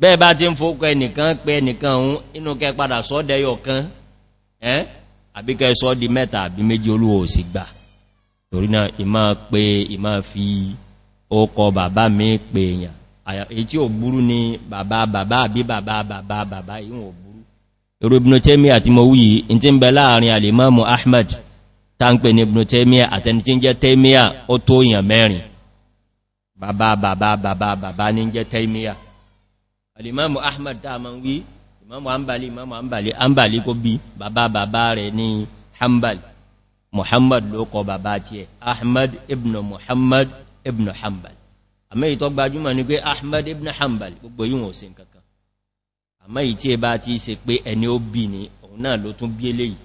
bẹ́ẹ̀ bá ti ń fókọ ẹnìkan pé ẹnìkan òun inú kẹ padà sọ́dẹ̀yọ̀ kan ẹ́ àbíkẹ́ sọ di mẹ́ta àbí méjì olúwo gbà torí náà ìmá pé ìmá fi bàbá mi èyàn èyí ò ni bàbá bàbá àbí bàbá bàbá bàbá ìwọ̀n àti mọ̀ wúyí in láàrin imamu ambali imamu ambali ambali kó bí bàbá bàbá rẹ̀ ní hambali muhammad ló kọ bàbá tí ẹ ahmad ibn muhammad ibn hambal àmẹ́ ìtọ́ gbajúmọ̀ ní pé ahmad ibn hambal gbogbo yíwọ̀n sí nkankan àmẹ́ ìtí ẹba ti ṣe pé ẹni ó bí ní òun náà ló tún bí eléyìí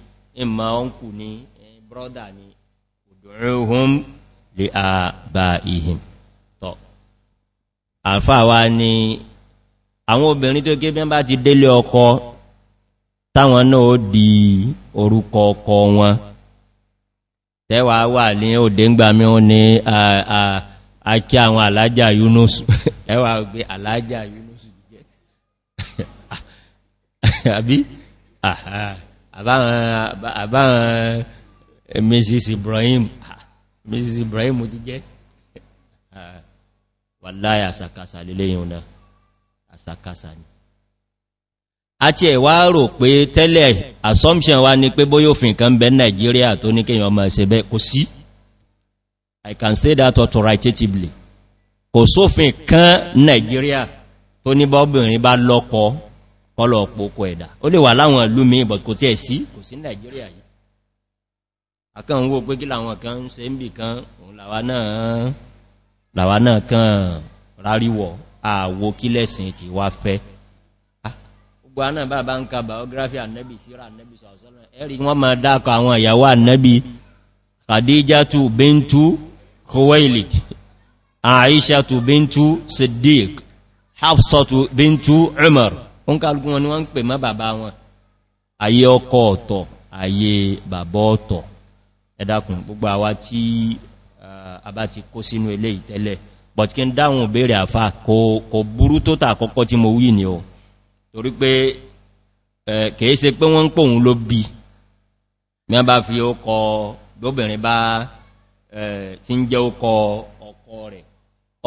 àwọn obìnrin tó gébẹ́ bá ti délé ọkọ táwọn náà ó di orúkọ ọkọ wọn tẹ́wà wà ní òdé ń gbà mí ó ní àkí àwọn alájà yúnus ẹwà gbé alájà yúnus jẹ́ àbí àbáwọn mrs ibrahim mrs ibrahim ti jẹ́ wà láyà sàkásà lélẹ́yìn náà àsàkásà ni àti ẹ̀wà rò pé tẹ́lẹ̀ assumption wa ni pé bóyó fi nǹkan bẹ nigeria tó ní kíyàn ọmọ ẹ̀sẹ̀ bẹ́ kò sí i can say that authoritatively kò sófin kan nigeria tó ní bọ́bìnrin bá lọ́pọ̀ kọlọ̀ òpópó ẹ̀dà ó lè wà láwọn ìlú mi but kò tí ẹ̀ sí kò sí nigeria yìí akẹ́hùn wó pé kí làwọn kan ń se ń bì kan òun làwa náà kan ráríwọ̀ àwò kí lẹ́sìn ti wá fẹ́ ah, gbogbo anáà bá bá ń ka biography annabi síra annabi sọ̀rọ̀sọ́rọ̀ ẹ̀rí wọ́n ma dákọ àwọn ìyàwó annabi khadijatu bintu khuwailik aishatu bintu siddiq hafsatu bintu umar ń kálùkún wọn ni wọ́n ń pè mọ́ bàbá wọn ayé ọkọ̀ ọ̀tọ̀ but kí n dáhùn bèèrè àfá kò burú tó tà àkọ́kọ́ tí mo wí ni o torí pé kìí se pé wọ́n ń pòun ló bí mi bá fi ọkọ̀ gbóbìnrin bá tí ń jẹ́ ọkọ̀ ọkọ̀ rẹ̀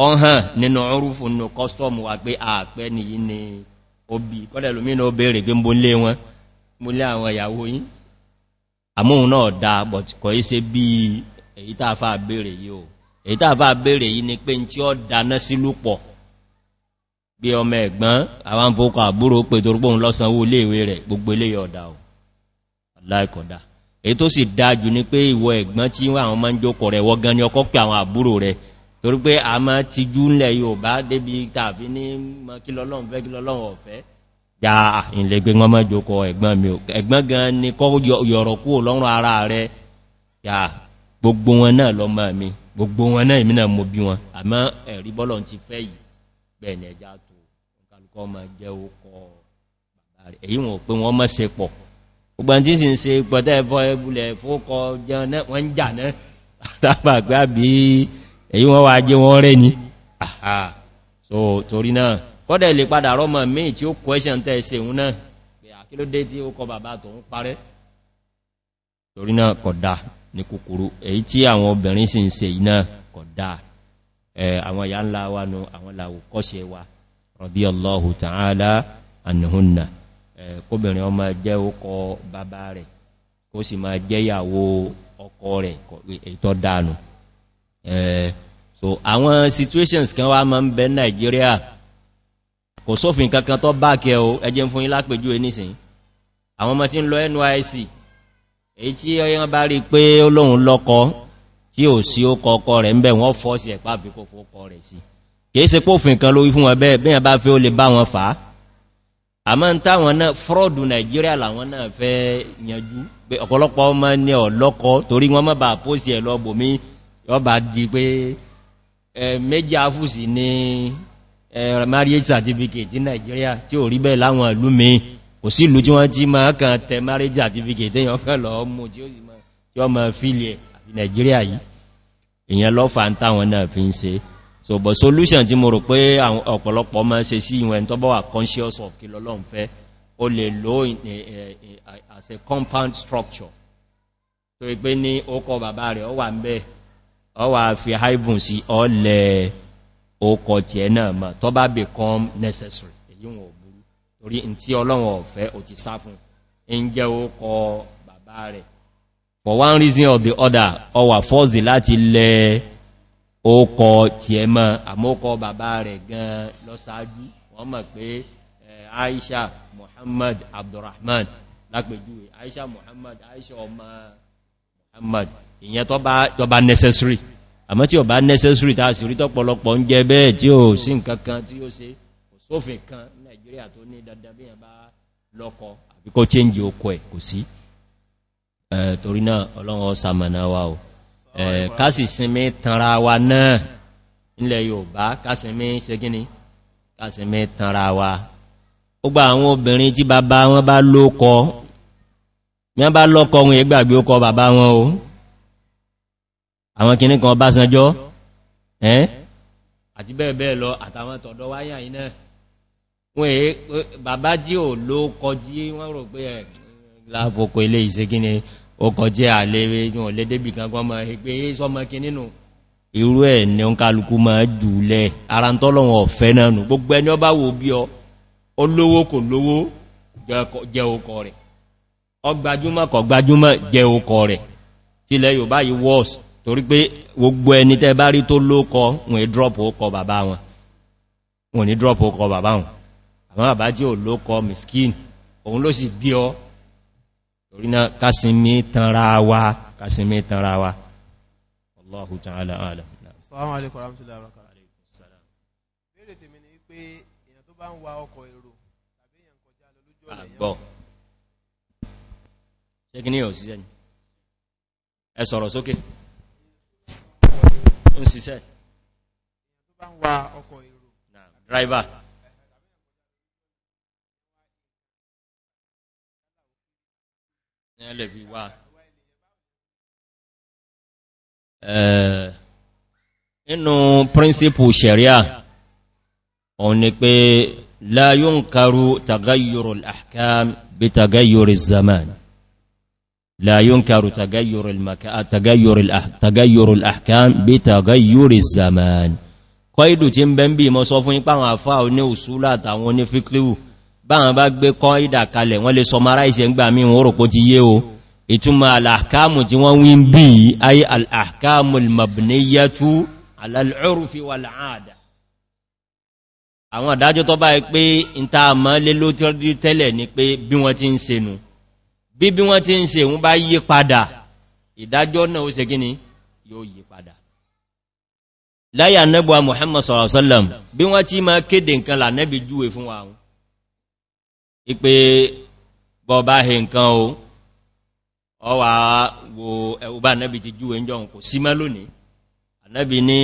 ọ̀hàn nínú ọrúfù nínú kọ́stọ̀mù wà pé àpẹ́ nìyí ni ó bí kọ́lẹ̀ lómìnà ó bèèrè pé mo lé wọn mo lé àwọn ìyàwó yìí àmóhun náà dáa èyí tàbà bèèrè yìí ni pé tí ó dáná sí lúpọ̀ bí ọmọ ẹ̀gbọ́n àwọn fòkọ àbúrò pè tó rúgbóhun lọ́sanwó iléèwé rẹ̀ gbogbo ilé ọ̀dá ò aláìkọ̀dá èyí tó sì dájú ní pé ìwọ ẹ̀gbọ́n tí wọ́n àwọn máa ń jókọ̀ rẹ̀ wọ́gan ya ilẹ̀ gbé wọn mọ́jọ kọ ẹ̀gbọ́n mi ẹ̀gbọ́n gan ni ya gbogbo wọn náà lọ mọ́ mi gbogbo wọn náà ìmìnà mo bí wọn àmọ́ ẹ̀rí bọ́lọ̀ ti fẹ́ yìí bẹ̀ẹ̀ni ẹja tó kálùkọ́ ma jẹ́ okọ̀ èyí wọn pé wọ́n mọ́ se pọ̀ gbogbo tí sì ń se pọ̀tá ẹ̀fọ́ so torí náà kọ́dẹ̀ lè padà rọ́mọ̀ míì tí ó question tẹ́ ṣe òun náà pé àkílódé torí náà kọ̀dá ní kúkúrú èyí tí àwọn obìnrin sì ń se iná kọ̀dá àwọn ìyá ńlá wa nú àwọn làwò kọ́ṣẹ́ wa rọ̀bí ọlọ́hù tààlá ànìhùnnà kóbìnrin ọmọ jẹ́ ọkọ bàbá rẹ̀ kó sì máa jẹ́ ìyàwó ọkọ rẹ̀ ètò dánù so àwọn situations kan wá máa ń bẹ nigeria kò sófin kankan tó bá kẹ o ẹjẹ́ fún yí ẹnìsìn àwọn ọmọ tí ń lọ nysc èyí tí ọyẹ́ bá rí pé olóhun lọ́kọ tí ò sí ó kọ́kọ́ rẹ̀ ń bẹ̀ wọ́n fọ́ sí ẹ̀pá fi kòkó kọ rẹ̀ sí kìí se pófin kan lórí fún ẹbẹ́ bí i bá fẹ́ ó lè bá wọn fàá àmọ́ ń táwọn náà fọ́ọ̀dù nàìjíríà làwọn náà fẹ́ yanjú pé ọ̀pọ̀lọpọ̀ ọmọ ní ọ̀lọ́kọ torí wọ́n mọ́bà pósì ẹ̀ lọ́bòmí yọba di pé méjì afúsì ní marriage kò sí ìlú tí wọ́n ti máa kàn tẹ marriage certificate èyàn kàn lọ mú tí ó máa fílẹ̀ àti Nigeria yìí èyàn lọ́fà ń táwọn náà fi ń ṣe so but solution tí mo rò pé ọ̀pọ̀lọpọ̀ máa ṣe sí ìwọ̀n tó bọ́ wà conscious of kí lọ́lọ́n eh, eh, compound structure tó ipé ní necessary torí in tí ọlọ́run ọ̀fẹ́ ò ti sá fún in jẹ́ ókọ bàbá rẹ̀ for one reason or the other ọwà fọ́sì láti lẹ ókọ tí ẹ mọ́ àmókọ bàbá rẹ̀ gan lọ́sáájú wọ́n mọ̀ pé eh, aisha muhammad abdurrahman lápẹjúwe aisha muhammad aisha ọmọ muhammad ìyẹn tó bá necessary àmọ́ tí ó bá necessary tàà sí rí ń jẹ bẹ́ẹ̀ tí ó sí nǹkankan tí ó se sófin kan nigeria tó ní dandan bí ba bá lọ́kọ àbí kó change okọ ẹ̀ kò sí torí náà ọlọ́run ọsàmọ̀nà wa o kásì tanra wa náà nílẹ̀ Yorùbá kásìmí ṣegíní kásìmí tanra wa ó gba àwọn obìnrin tí bàbá wọn bá lókọ wọ́n bá lọ́kọ wọn ìgbàgbé ó kọ bàbá wọn o àwọn kìnnìkan Ọbásanjọ́ ẹ́ àti bẹ́ẹ̀ bẹ́ẹ̀ lọ àtàwọn wọ́n èé bàbá jí ò ló kọjí wọ́n rò pé ẹ̀ eh, láàpòpò ilé ìṣẹ́ kí ni ó kọjẹ́ àlèrè yíò lédébì kankan ma pé eh, sọmọ kí nínú irú ẹ̀ ní ó ń kálukú ma jùlẹ̀ ara ń tọ́lọ̀wọ̀n ọ̀fẹ́ náà nù gbogbo ẹni ọ bá wo bí ọ olówó kò lówó jẹ okọ rẹ̀ ni drop okọ bàbá wọn àwọn àbá tí ò lókọ miskin òun ló sì bí ọ torí náà kásìmí tanra wa kásìmí tanra wa allahu ta'ala alam salamu alaikum ẹlẹ̀ fi wà nínú príncipù sharia òun ni pé láyó ń karú tagayyoro al'ahkam bí tagayyoro zaman láyó ń karú tagayyoro al'ahkam bí tagayyoro zaman kọ́ ìdù tí ń bẹ́ ń bí mọ́ sọ fún ipá àwọn àfáà oní òsúlá àtàwọn oní báwọn bá gbé kọ́ ìdàkalẹ̀ wọ́n lè sọmaráìsì ẹgbà mi wọ́n rọ̀pọ̀ ti yé o ìtumọ̀ al'ahkamu tí wọ́n wí ń bí i ayi al'ahkamu mabniyatu al'urfi wal'ada àwọn àdájọ́ tó bá pé ìta àmọ́ lé ló tẹ́lẹ̀ ni pé bí wọ́n ti ń se nù bí bí wọ́n ti láyà nẹ́bùwa muhammad sallallahu alaihi wasallam bí wọ́n ti máa kéde nǹkan là júwe fún wa wọn ipé bọ̀bá he nǹkan o ọwà wo ẹ̀wọ̀bá anẹ́bì ti jú ẹjọ́ kò sí mẹ́ lónìí anẹ́bì ní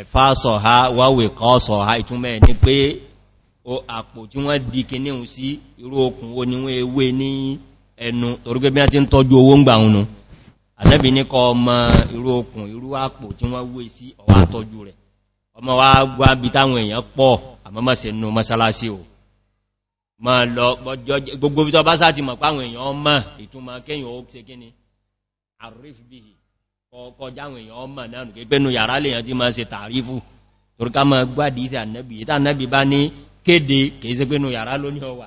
ẹ̀fà sọ̀há wáwẹ̀ kọ́ sọ̀há ìtúnmẹ́ ní pé o àpò tí wọ́n di kìníhun sí irú okùn o níwọ́n ewé ní ẹnu orúgbé bí wọ́n ti ń tọ́jú owó ń gbàhunu anẹ́bì ní kọ ọmọ irú okùn irú àpò tí wọ́n wé sí ọwà tọ́jú rẹ̀ ọmọ wa gbábi táwọn èèyàn pọ̀ àmọ́mọ́sẹ̀ nù mọ́sálásí o ma lọ gbogbo bí tọ bá sáti mọ̀ páwọn èèyàn ọmọ ìtumọ̀ kéyàn ó ṣe kíni àrífù bí kọjá àwọn èèyàn ọmọ náà nù pẹ́nu yàrá lèyàn tí ma ṣe tàrífù torúká ma gbádìí ìtà ànẹ́bì bá ní kéde pẹ́nu yàrá lóní ọwà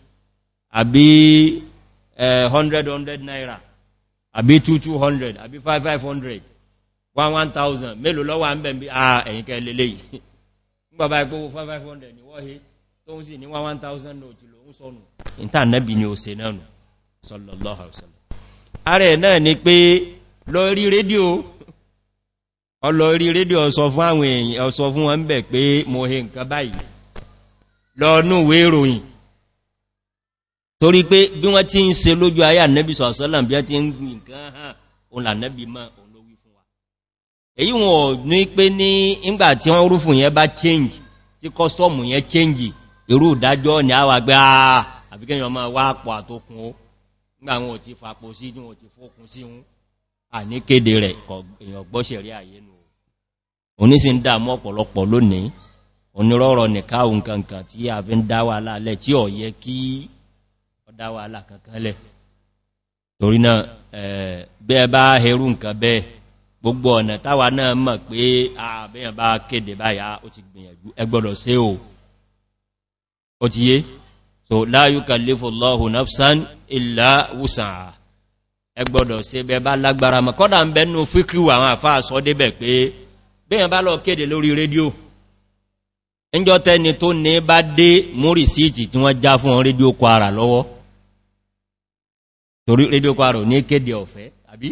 àbí 100-100 naira àbí 2-200 àbí 5-500 1-1000 mélòó lọ́wọ́ à ń bẹ̀ a ẹ̀yìnkẹ́ lélẹ̀ yìí ń bàbá ipò 5-500 ni wọ́n he tó ń sì ní 1-1000 note ló ń sọ́nù ìta ni ó se náà nù sallallahu alaihi wasallam ààrẹ náà ni pé lọ rí rédíò ọlọ́rí rédíò sọ fún àwọn èèyàn sọ fún wọn bẹ̀ pé mo he nǹkan torí pé bí wọ́n ti ń ṣe lójú ayé ànẹ́bí sọ̀sọ́làm bí a ti ń gbìn nǹkan hàn òun lànẹ́bí mọ́ òun fún wa èyí wọn ní pé ní ìgbà tí wọ́n rúfù yẹn bá change tí kọ́stọ̀mù yẹn change irú ìdájọ́ ni a wà gbé àbíkẹ́yàn ọmọ wá pọ̀ àtókun ó nígbà wọn ò ti fapò sí ní wọn ti fókun sí wọn à ní kéde rẹ̀ èèyàn gbọ́ṣẹ̀ rí àyè nù onísìn dá wàhálà kankan lẹ̀ torí náà bẹ́ẹ̀ bá herú nǹkan bẹ́ẹ̀ gbogbo ọ̀nà táwà náà mọ̀ pé àbẹ́yàn bá kéde báyá ó ti gbìyànjú ẹgbọ́dọ̀ sí o ó ti yé so láyúkà lífòlọ́hù nafsan ilá wùsàn ẹgbọ́dọ̀ sí bẹ bá lágbára mọ̀ kọ́dà ń bẹ́nu fíkíwù àwọn àfáà sọ débẹ̀ pé bẹ́yàn bá lọ kéde lórí rédíò ẹjọ́ tẹ́ni tó ní bá dé múrìsíìtì tí wọ́n já fún rédíò kọ ara lọ́wọ́ torí rédíò pàrò ní kéde ọ̀fẹ́ àbí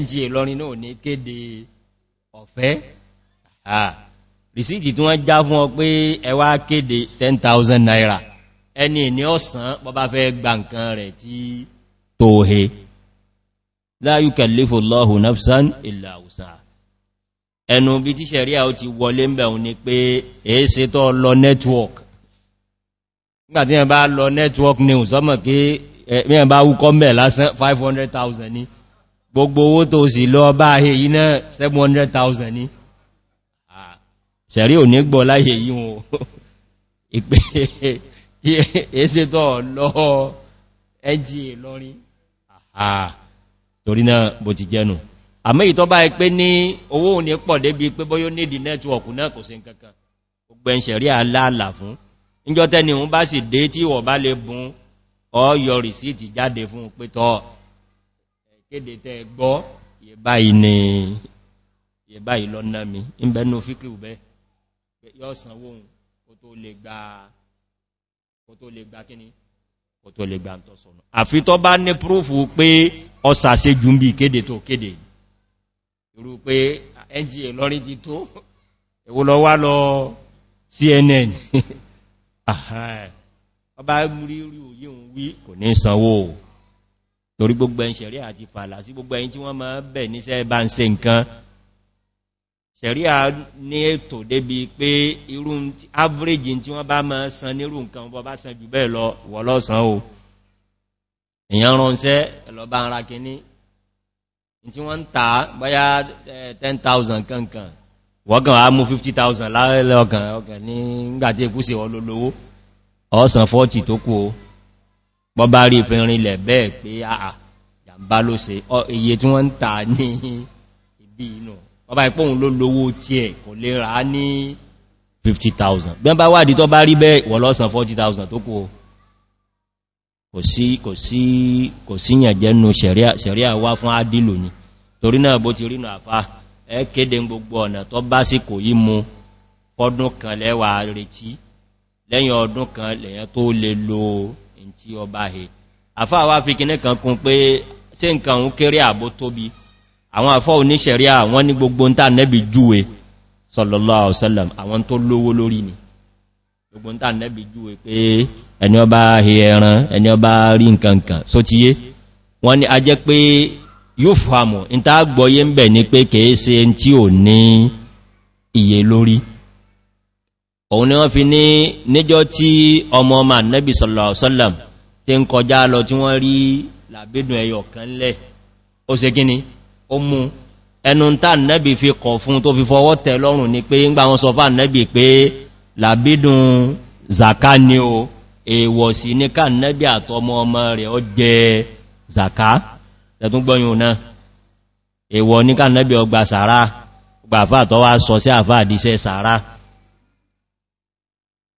nga lọrin náà ní kéde ọ̀fẹ́ àà rìsíìtì tí wọ́n já fún ọ pé ẹwà kéde 10,000 naira ẹni ni ọ̀sán bọ́bá fẹ́ gba nǹkan rẹ̀ tí tó he láyúkẹ̀ léfò lọ́hù nafsan ìlàúsà ẹnu bí tíṣẹ̀ rí àwọn ti wọlé ń bẹ̀rún ni pé èése tó lọ network nígbàtí ẹ network news ọmọ kí mẹ́rin eh, bá wúkọ́ mẹ́ lásán 500,000 ní gbogbo owó tó sì lọ bá ahé yìí náà 700,000 ní ṣẹ̀rí ò ní gbọ́ láyé yìí wọn ìpé ẹsẹ́tọ̀ lọ ẹjì lọ́rin àà torí náà bó ti jẹ́nu àmọ́ ìtọ́ bá pé ní owó ò ní pọ̀ débi pé bóyó nídi nẹ́tíwọ̀kù náà kò sí nkankan gbogbo ẹ̀ṣẹ̀rí aláàlà fún níjọ́ tẹ́ni òun bá sì dé tí ìwọ̀ bá lè bùn ọyọ̀ rìsíìtì jáde fún pétọ́ kéde tẹ gbọ́ yẹ̀bá ìlọ́nà mi ń bẹnu fíkì ùbẹ́ yọ́ sanwó ohun kò tó lè gba kò tó lè gba kíní kò tó lè gba ǹtọ́ sọ̀nà àfitọ́ bá ní púrúfù pé ọsà sí jù ń bí kéde tó kéde irú pé nga lọ́rí ti tó èwo lọ wá lọ cnn ọba rí rí òye òun wí kò ní sanwó torí gbogbo ẹn ṣẹ̀rí àti fàlà sí gbogbo ẹn tí wọ́n máa bẹ̀ níṣẹ́ bá ń se nǹkan ṣẹ̀rí à ní ètò débi pé irú average tí wọ́n bá máa san nírú nǹkan bọ́ bá san jù bẹ́ẹ̀ lọ wọ́ lọ́sàn o èyàn ránṣẹ́ ẹ̀lọ́bá ara kìíní tí wọ́n ń ta bọ́yá 10,000 kankan wọ́gàn á mú 50,000 láàrẹ́lẹ́ ọkàn ní ìgbàtí èkúsẹ̀ ọlọ́lọ́wọ́ ọ̀sán 40 tó kú o bọ́bá rí ìfẹ́rin lẹ̀ bẹ́ẹ̀ pé àà jàmbá ló se iye tí wọ́n ń ta ní ibi inú bọ́bá ìpóhun ló lówó tí ẹ̀ kò lè rà á ní 50,000 gbẹ́n bá wádìí tó bá rí bẹ́ẹ̀ wọ́n lọ́sàn 40,000 tó kú o kò sí kò sí kò fún ádìlò ni torí náà bó ti rínà àfá ẹ kéde gbogbo ọ̀nà tó bá sí kò yí mu fọ́dún kan lẹ́wàá retí lẹ́yìn ọdún kan lèyàn tó lè lo in tí ọ bá he àfáà wá fi kìnnì kan kún pé ṣe nǹkan òun kéré àbó tóbi àwọn àfọ́ oníṣẹ̀rí àwọn ní gbogbo ń tà júwe sallallahu alaihi wasallam àwọn tó lówó lórí ni gbogbo ń tà nẹ́bì júwe pé ẹni ọba he ẹran ẹni ọba ni a lórí òun ni wọ́n fi ní níjọ́ tí ọmọ ọmọ nẹ́bì sọ̀lọ̀sọ́lọ̀m tí ń kọjá lọ tí wọ́n rí làbídùn ẹyọ kan lẹ̀ ó se gíní ó mú ẹnu tá nẹ́bì fi kọ̀ fún tó fi fọwọ́ tẹ lọ́rùn ni pé ń gbà wọn sọ fà nẹ́bì pé làbídùn zaka ni o èèwọ̀ sí ní ká nẹ́bì àtọmọ ọmọ rẹ̀ ọ jẹ zaka tẹ̀tún gbọ́yùn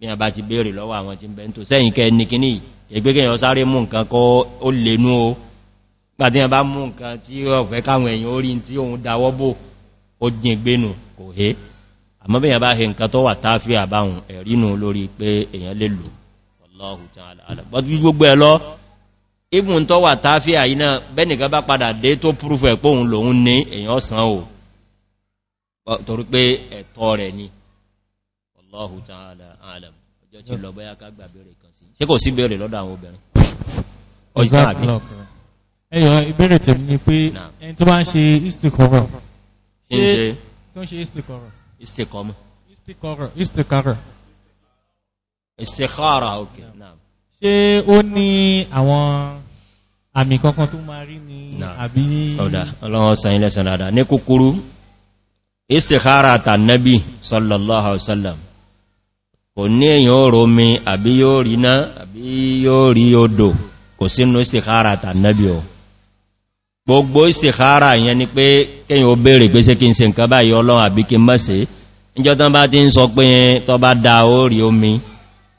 bí a bá ti béèrè lọ́wọ́ àwọn tí ń bẹ tó sẹ́yìn kẹ ní kíní ìgbégẹ̀yàn sáré mú nǹkan kọ́ ó lè nú o gbàtí a bá mú nǹkan tí ó fẹ́ káwọn èèyàn orí tí òun dáwọ́ bò ó jìn gbénu kò hé àmọ́ bí a bá he nǹkan tó wà táfí àbáhùn ẹ̀rínú wallahu ta'ala alam ọjọ́ tí lọ bóyá ká gbà bèèrè kan sí ṣe kò sí bèèrè lọ́dọ̀ àwọn obìnrin ọjọ́ àbí ẹyọ ìbéèrè tẹ̀mí ni pé ẹni tó bá ń ṣe istikọrọ ṣe tó ń ṣe istikọrọ istikọrọ istikọrọ istikọrọ istikhara okay naam ṣé ó ní àwọn àmì kankan tó máa rí ní àbí ọ̀dá ọlọ́wọ́ sàyìn lẹ́sàn dáadáa ní kúkúrú istikhara tànàbí sallallahu alaihi wasallam kò ní èyàn òrò mi àbí yóò rí ná àbí yóò rí odò kò sínú ìsìkára tàbí ọ̀ gbogbo ìsìkára ìyẹn ni pé kíyàn ó bèèrè pé sé kí n se nǹkan báyìí ọlọ́run àbí kí mọ́sí níjọ́ tán bá ti ń sọ pé tọ́ bá da orí omi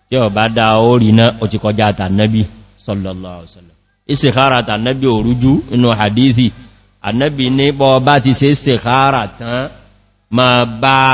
tí ọ bá da orí náà ó ti kọjá tàbí sọ́lọ́lọ́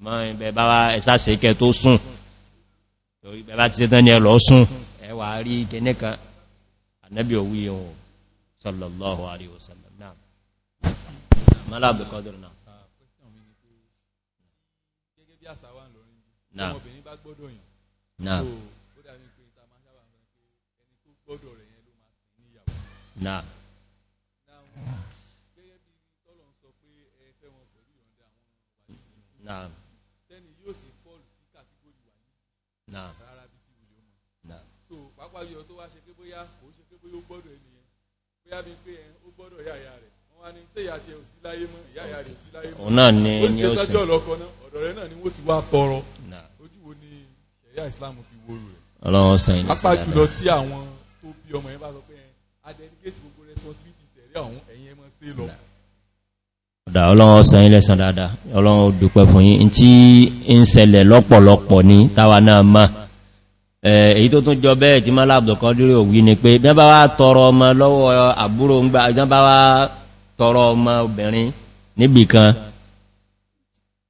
àmọ́ ibẹ̀ bá wá ẹ̀sáṣẹ́ kẹ tó sùn torí bẹ̀bá ti sétán ní ẹlọ sùn ẹwà rí kẹnẹ́kan ànẹ́bí òwúyẹ ohun sallallahu alaihi wasallam náà mọ́lá abdùkọ́dùr náà náà Naam. fáyọ tó wá ṣe pé bóyá kò ṣe pé bóyá ó gbọ́dọ̀ ènìyàn bóyá bí pé ó gbọ́dọ̀ ìyá ìyá rẹ̀ wọ́n wá ní ṣé ìyá tiẹ̀ ò sí láyé mọ́ ìyá ìyá rẹ̀ ò sí láyé mọ́ òun náà ni ni ó sì ọ̀dọ̀ rẹ̀ náà ni wọ́n ti wá tọrọ ojú wo ni ṣẹ̀yà Islam fi wo rẹ̀ ọlọ́wọ́ sàn ilé sí dáadáa jùlọ tí àwọn tó bí ọmọ yẹn bá sọ pé a dedicate gbogbo responsibilities ẹ̀rí àwọn ẹ̀yìn ẹmọ sí lọ ọ̀dá ọlọ́wọ́ sàn ilé sàn dáadáa ọlọ́wọ́ dúpẹ́ fún yín tí ń ṣẹlẹ̀ lọ́pọ̀lọpọ̀ ní táwa náà máa èyí tó tún jọ bẹ́ẹ̀ tí mọ́lá àbdọ̀kọ́dúrí òwí ni pé bí wọ́n bá wá tọrọ ọmọ lọ́wọ́ àbúrò ń gbá ìjọba wá tọrọ ọmọ obìnrin níbì kan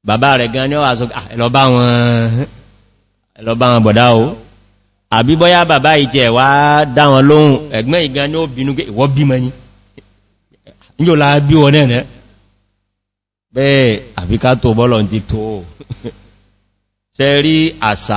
bàbá rẹ̀ gan ní ọwà sọ ah, ẹ̀lọ́bá wọn bọ̀dá o àbí bọ́yá bàbá ìjẹ́ wá dá wọn lóhun ẹ̀gbẹ́ ìgan ní obìnú pé ìwọ́ bímọ ni níjò la bí wọn náà bẹ́ẹ̀ àbíká tó bọ́lọ̀ ti tó ṣe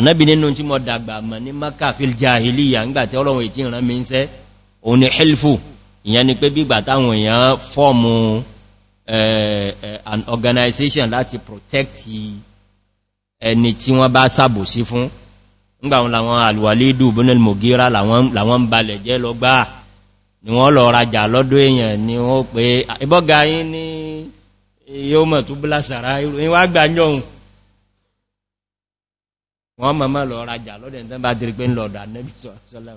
anábi nínú tí mọ́ dàgbà mọ̀ ní maka fil jahiliya ngbàtí ọlọ́run ìtí ìran mi ń sẹ́ òun ni helfu ìyẹn ni pé bígbà táwọn èèyàn fọ́ọ̀mù an organization láti protect ẹni tí wọ́n bá sàbò sí fún ngbà làwọn alwalidu bunel mogira làwọn ń balẹ̀ jẹ́ lọ́gbà ni wọ́n lọ rajà lọ́dọ̀ èèyàn ni wọ́n pé ìbọ́ga yí ní yóò mọ̀ tó búlásàrá ìwọ́n wá gbà yọ̀hùn wọ́n mọ̀mọ́ lọ rajà lọ́dẹ̀ tán bá tiri pé ń lọ́dà nẹ́bí sọ́lá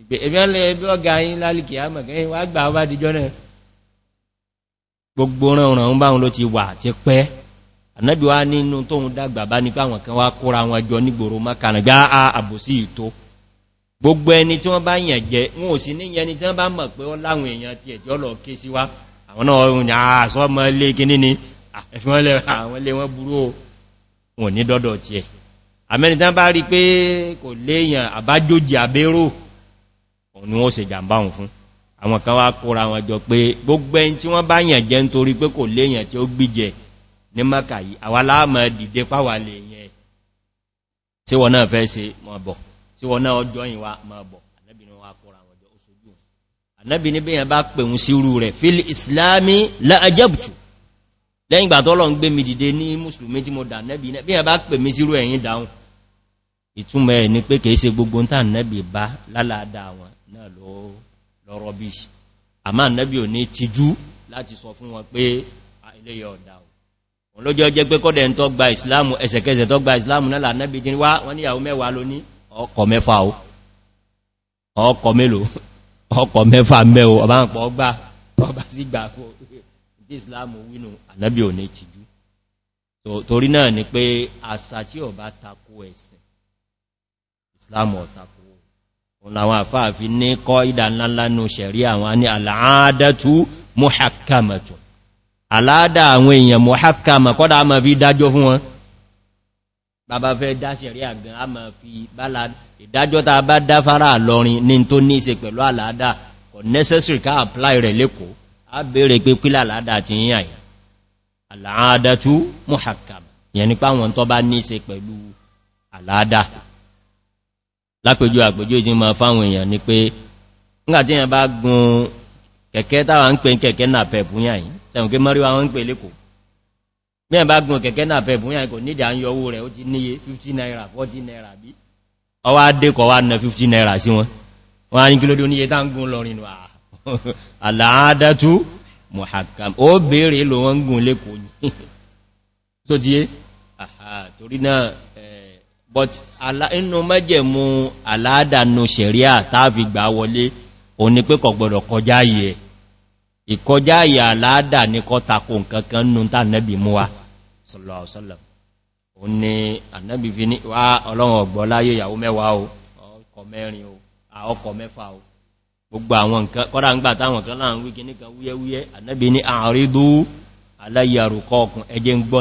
ìgbé ẹ̀bí ọlẹ́ ẹbí ọgá yìí lálìkì àmọ̀kẹ́yìn wá gbà ọba dìjọ́ náà gbogbo ránran ń báhun ló ti wà ti pẹ́ ànẹ́bí wá nínú tóhun dàgbà bá nípa àwọn kan wá kóra wọn jọ nígboro mọ́kànlá ni tí wọ́n bá mọ̀ pé ó láwọn èèyàn ti ẹ̀jọ́ lọ ké sí wá àwọn náà ọrùn ni àṣọ́ àmẹ́nìtán bá rí pé kò léèyàn àbájójì àbérò ọ̀nà wọ́n se jàmbá wọn fún àwọn kan wá kóra wọn jọ pé gbogbo ẹni tí wọ́n bá yàn jẹ́ nítorí pé kò léèyàn tí ó gbíjẹ ní maka yìí àwàláàmọ̀ dìde páwà léèyàn tí wọ́n náà fẹ́ se mọ̀ bọ̀ fil islami la ajabtu lẹ́yìn ìgbà tọ́lọ̀ ń gbé mi dìde ní mùsùlùmí tí mo dà nẹ́bì bí yẹn bá pè mí sírú ẹ̀yìn dáhùn ìtúnmọ̀ ẹ̀ ni pé kìí ṣe gbogbo ń tàn nẹ́bì bá lálàádà wọn náà lọ rọ́bí àmá nẹ́bì ò ní tijú láti sọ fún wọn pé iléyọ ọ̀dá wọn lójọ́ jẹ́ pé kọ́dẹ̀ ń tọ́gba ìsìláàmù ẹsẹ̀kẹsẹ̀ tọ́gba ìsìláàmù náà nẹ́bì o ọkọ̀ mélòó o ọba ń pọ̀ ọgbà ọba sí gbà fún ìsìláàmù wínú ànẹ́bì ò ní tijú torí náà ni pé àṣà ẹ̀sìn islamu ọ̀tàkù òun làwọn àfáàfi ní kọ́ ìdà ńláńlánú ṣẹ̀rí àwọn ní aláàdátú muhakkamatu aláàdá àwọn èèyàn muhakkama kọ́dá a ma fi dájọ́ fún wọn bàbá fẹ́ dá ṣẹ̀rí àgbọn a ma fi ìdájọ́ ta bá dá fara lọrin ní tó ní ṣe pẹ̀lú aláàdá kò necessary ká apply rẹ̀ lẹ́kọ̀ọ́ lápẹjú àpẹjú ìdí ma fáwọn èèyàn ni pé ńgbàtí èèyàn bá gun kẹ̀kẹ́ táwà ń pè kẹ̀kẹ́ náà pẹ̀bùnyàn yìí tẹ̀wọ̀n kí mọ́ríwá wọ́n ń pè lékò bí ẹ̀ bá gun kẹ̀kẹ́ náà pẹ̀bùnyàn naira 40 naira bí ọwá dẹ́kọ̀ wá na naira sí wọn wọ́n á ní kí ló dé oníye tá ń gun lọrin nù àlàádátú muhakkam ó béèrè lò but inú mẹ́jẹ̀mú aládànú sẹ̀ríà tàbí gbà wọlé o ní pé kọ̀gbọ̀dọ̀ kọjá yẹ ìkọjá yẹ aládà ní kọtàkù nkankan nù tà nẹ́bì mú wa sọ̀lọ̀ọ̀sọ̀lọ̀ o ní ànẹ́bì fi ní wá ọlọ́run ọ̀gbọ́ láyé ìyàwó mẹ́wàá o ọkọ̀ mẹ́rin o ọkọ̀ mẹ́fà o gbogbo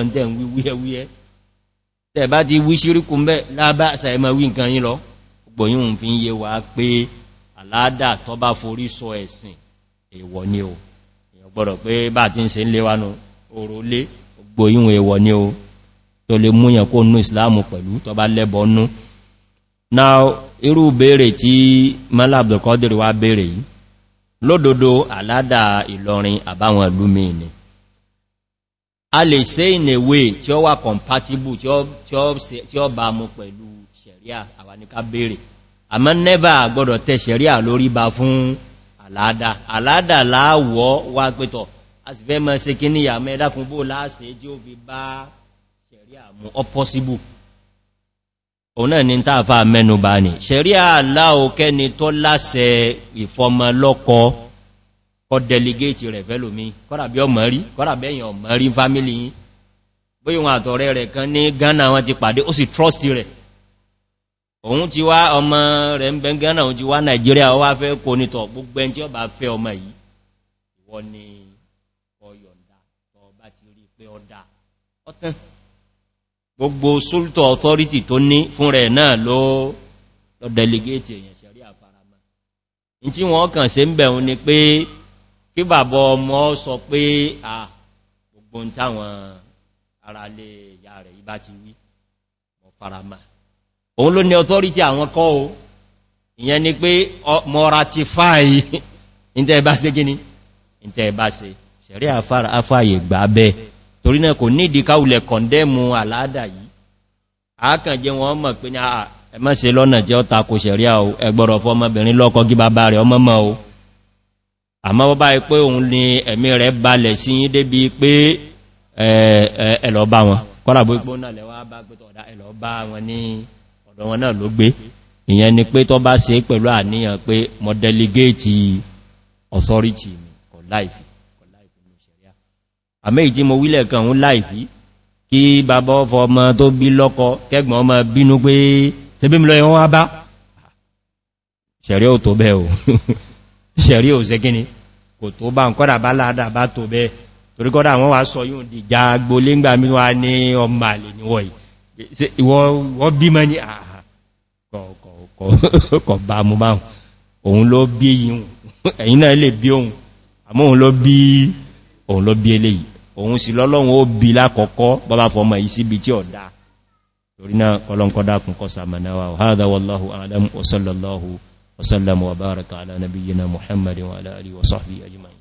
àwọn tẹ̀bá ti wí síríkù mẹ́ lábá àṣàìmọ̀ wí nǹkan yí lọ gbòyìn òun fi ń yé wa pé aláàdà tọ́ bá forí sọ ẹ̀sìn èèwọ̀ ni o èèyàn gbọ́dọ̀ pé bá ti ń se lé oró lé gbòyìn èèwọ̀ ni o tó lè múyàn kó nú ìsìláàmù pẹ̀lú tọ́ bá lẹ́bọnú na irú béèrè tí malabdokọ́dìrì wá béèrè yìí lódodo a lè ṣe in a way tí ó wà compatible tí ó bá mú pẹ̀lú ṣẹ̀ríà àwa ní ká bèèrè àmọ́ nẹ́bà gbọ́dọ̀ tẹ ṣẹ̀ríà lórí bá fún àládà àládà láàwọ́ wá pẹ́tọ̀ a sì fẹ́ mọ́ sí kí ní àmẹ́ ẹ̀dàkùn bó láàṣẹ tí ó fi bá ṣẹ̀ríà mú ọ possible òun náà ni tààfà mẹ́nubà ni ṣẹ̀ríà kọ delegate rẹ̀ fẹ́ lómi kọ́rà bí ọmọ rí kọ́rà bẹ́yìn ọmọ rí fámílì yìí bóyí wọn àtọ̀rẹ́ rẹ̀ kan ní ghana wọn ti pàdé ó sì trust rẹ̀ òun ti wá ọmọ rẹ̀ ń bẹ ghana òun ti wá nigeria wá fẹ́ kò nítọ̀ gbogbo ẹn tí ó bá fẹ́ ọmọ yìí ìwọ ni ọyọ̀ndà tọ́ bá ti rí pé ọdá ọtán gbogbo sultan authority tó ní fún rẹ̀ náà ló delegate èèyàn sẹ̀rí àfaramọ́ in tí wọ́n kàn se ń bẹ̀rún ni pé kí bàbá ọmọ sọ pé à gbogbo ń táwọn ara lè yà rẹ̀ ibá ti wí mọ̀ farama òun ló ní authority àwọn kọ́ o ìyẹn ni pé mọ́ra ti fáyí ìntẹ́ ẹbá se gíní ìntẹ́ ẹbá se ṣẹ̀rí àfáyè gbà bẹ́ torí náà kò ní ìdíkáulẹ̀ kọ̀ndẹ́mù aláàdà yìí àákànjẹ́ wọn mọ̀ pé ní ẹmọ́sẹ̀ lọ́nà jẹ́ ọ́ta kò ṣẹ̀rí ẹgbọ́rọ̀ fọ́mọbìnrin lọ́kọ́ gí rẹ̀ ọmọ o àmọ́ bọ́bá ipé òun ni ẹ̀mí rẹ̀ balẹ̀ sí yí débi pé ẹ̀lọ́bá wọn kọ́làbó ipò náà lẹ́wà bá pẹ́tọ̀ ọ̀dá ẹ̀lọ́bá wọn ní ọ̀dọ̀ wọn náà ló gbé ìyẹn ni pé tọ́ bá se pẹ̀lú àníyàn pé mọ́ delegate authority kọ̀ láìfì àmẹ́ ìjí mo wílẹ̀ kan ń láìfì kí bàbá ọfọ ọmọ tó bí lọ́kọ kẹgbọ̀n ọmọ ṣẹ̀rí ò ṣe gíní kò tó bá ń kọ́dà bá ládà bá tó bẹ́ torí kọ́dà wọ́n wá sọ yóò dìjà gbolíngbà mi wá ní ọmọ àlè níwọ̀ ìwọ́n bí mọ́ ní àhà kọ̀ bá mú bá òun ló bí yíhun ẹ̀yìn náà lè bí òun àmọ́ òun ló bí òun ló bí eléyìí òun sì lọ́lọ́run ó bí lákọ̀ọ́kọ́ bọ́bá fọmọ yìí síbi tí ọ̀dá torí náà ọlọ́nkọ́dá kún kọ́ sàmànáwà hádà wọ́lọ́hù adam ọ̀sọ́lọ́lọ́hù وسلم وبارك على نبينا محمد وعلى آله وصحبه أجمعين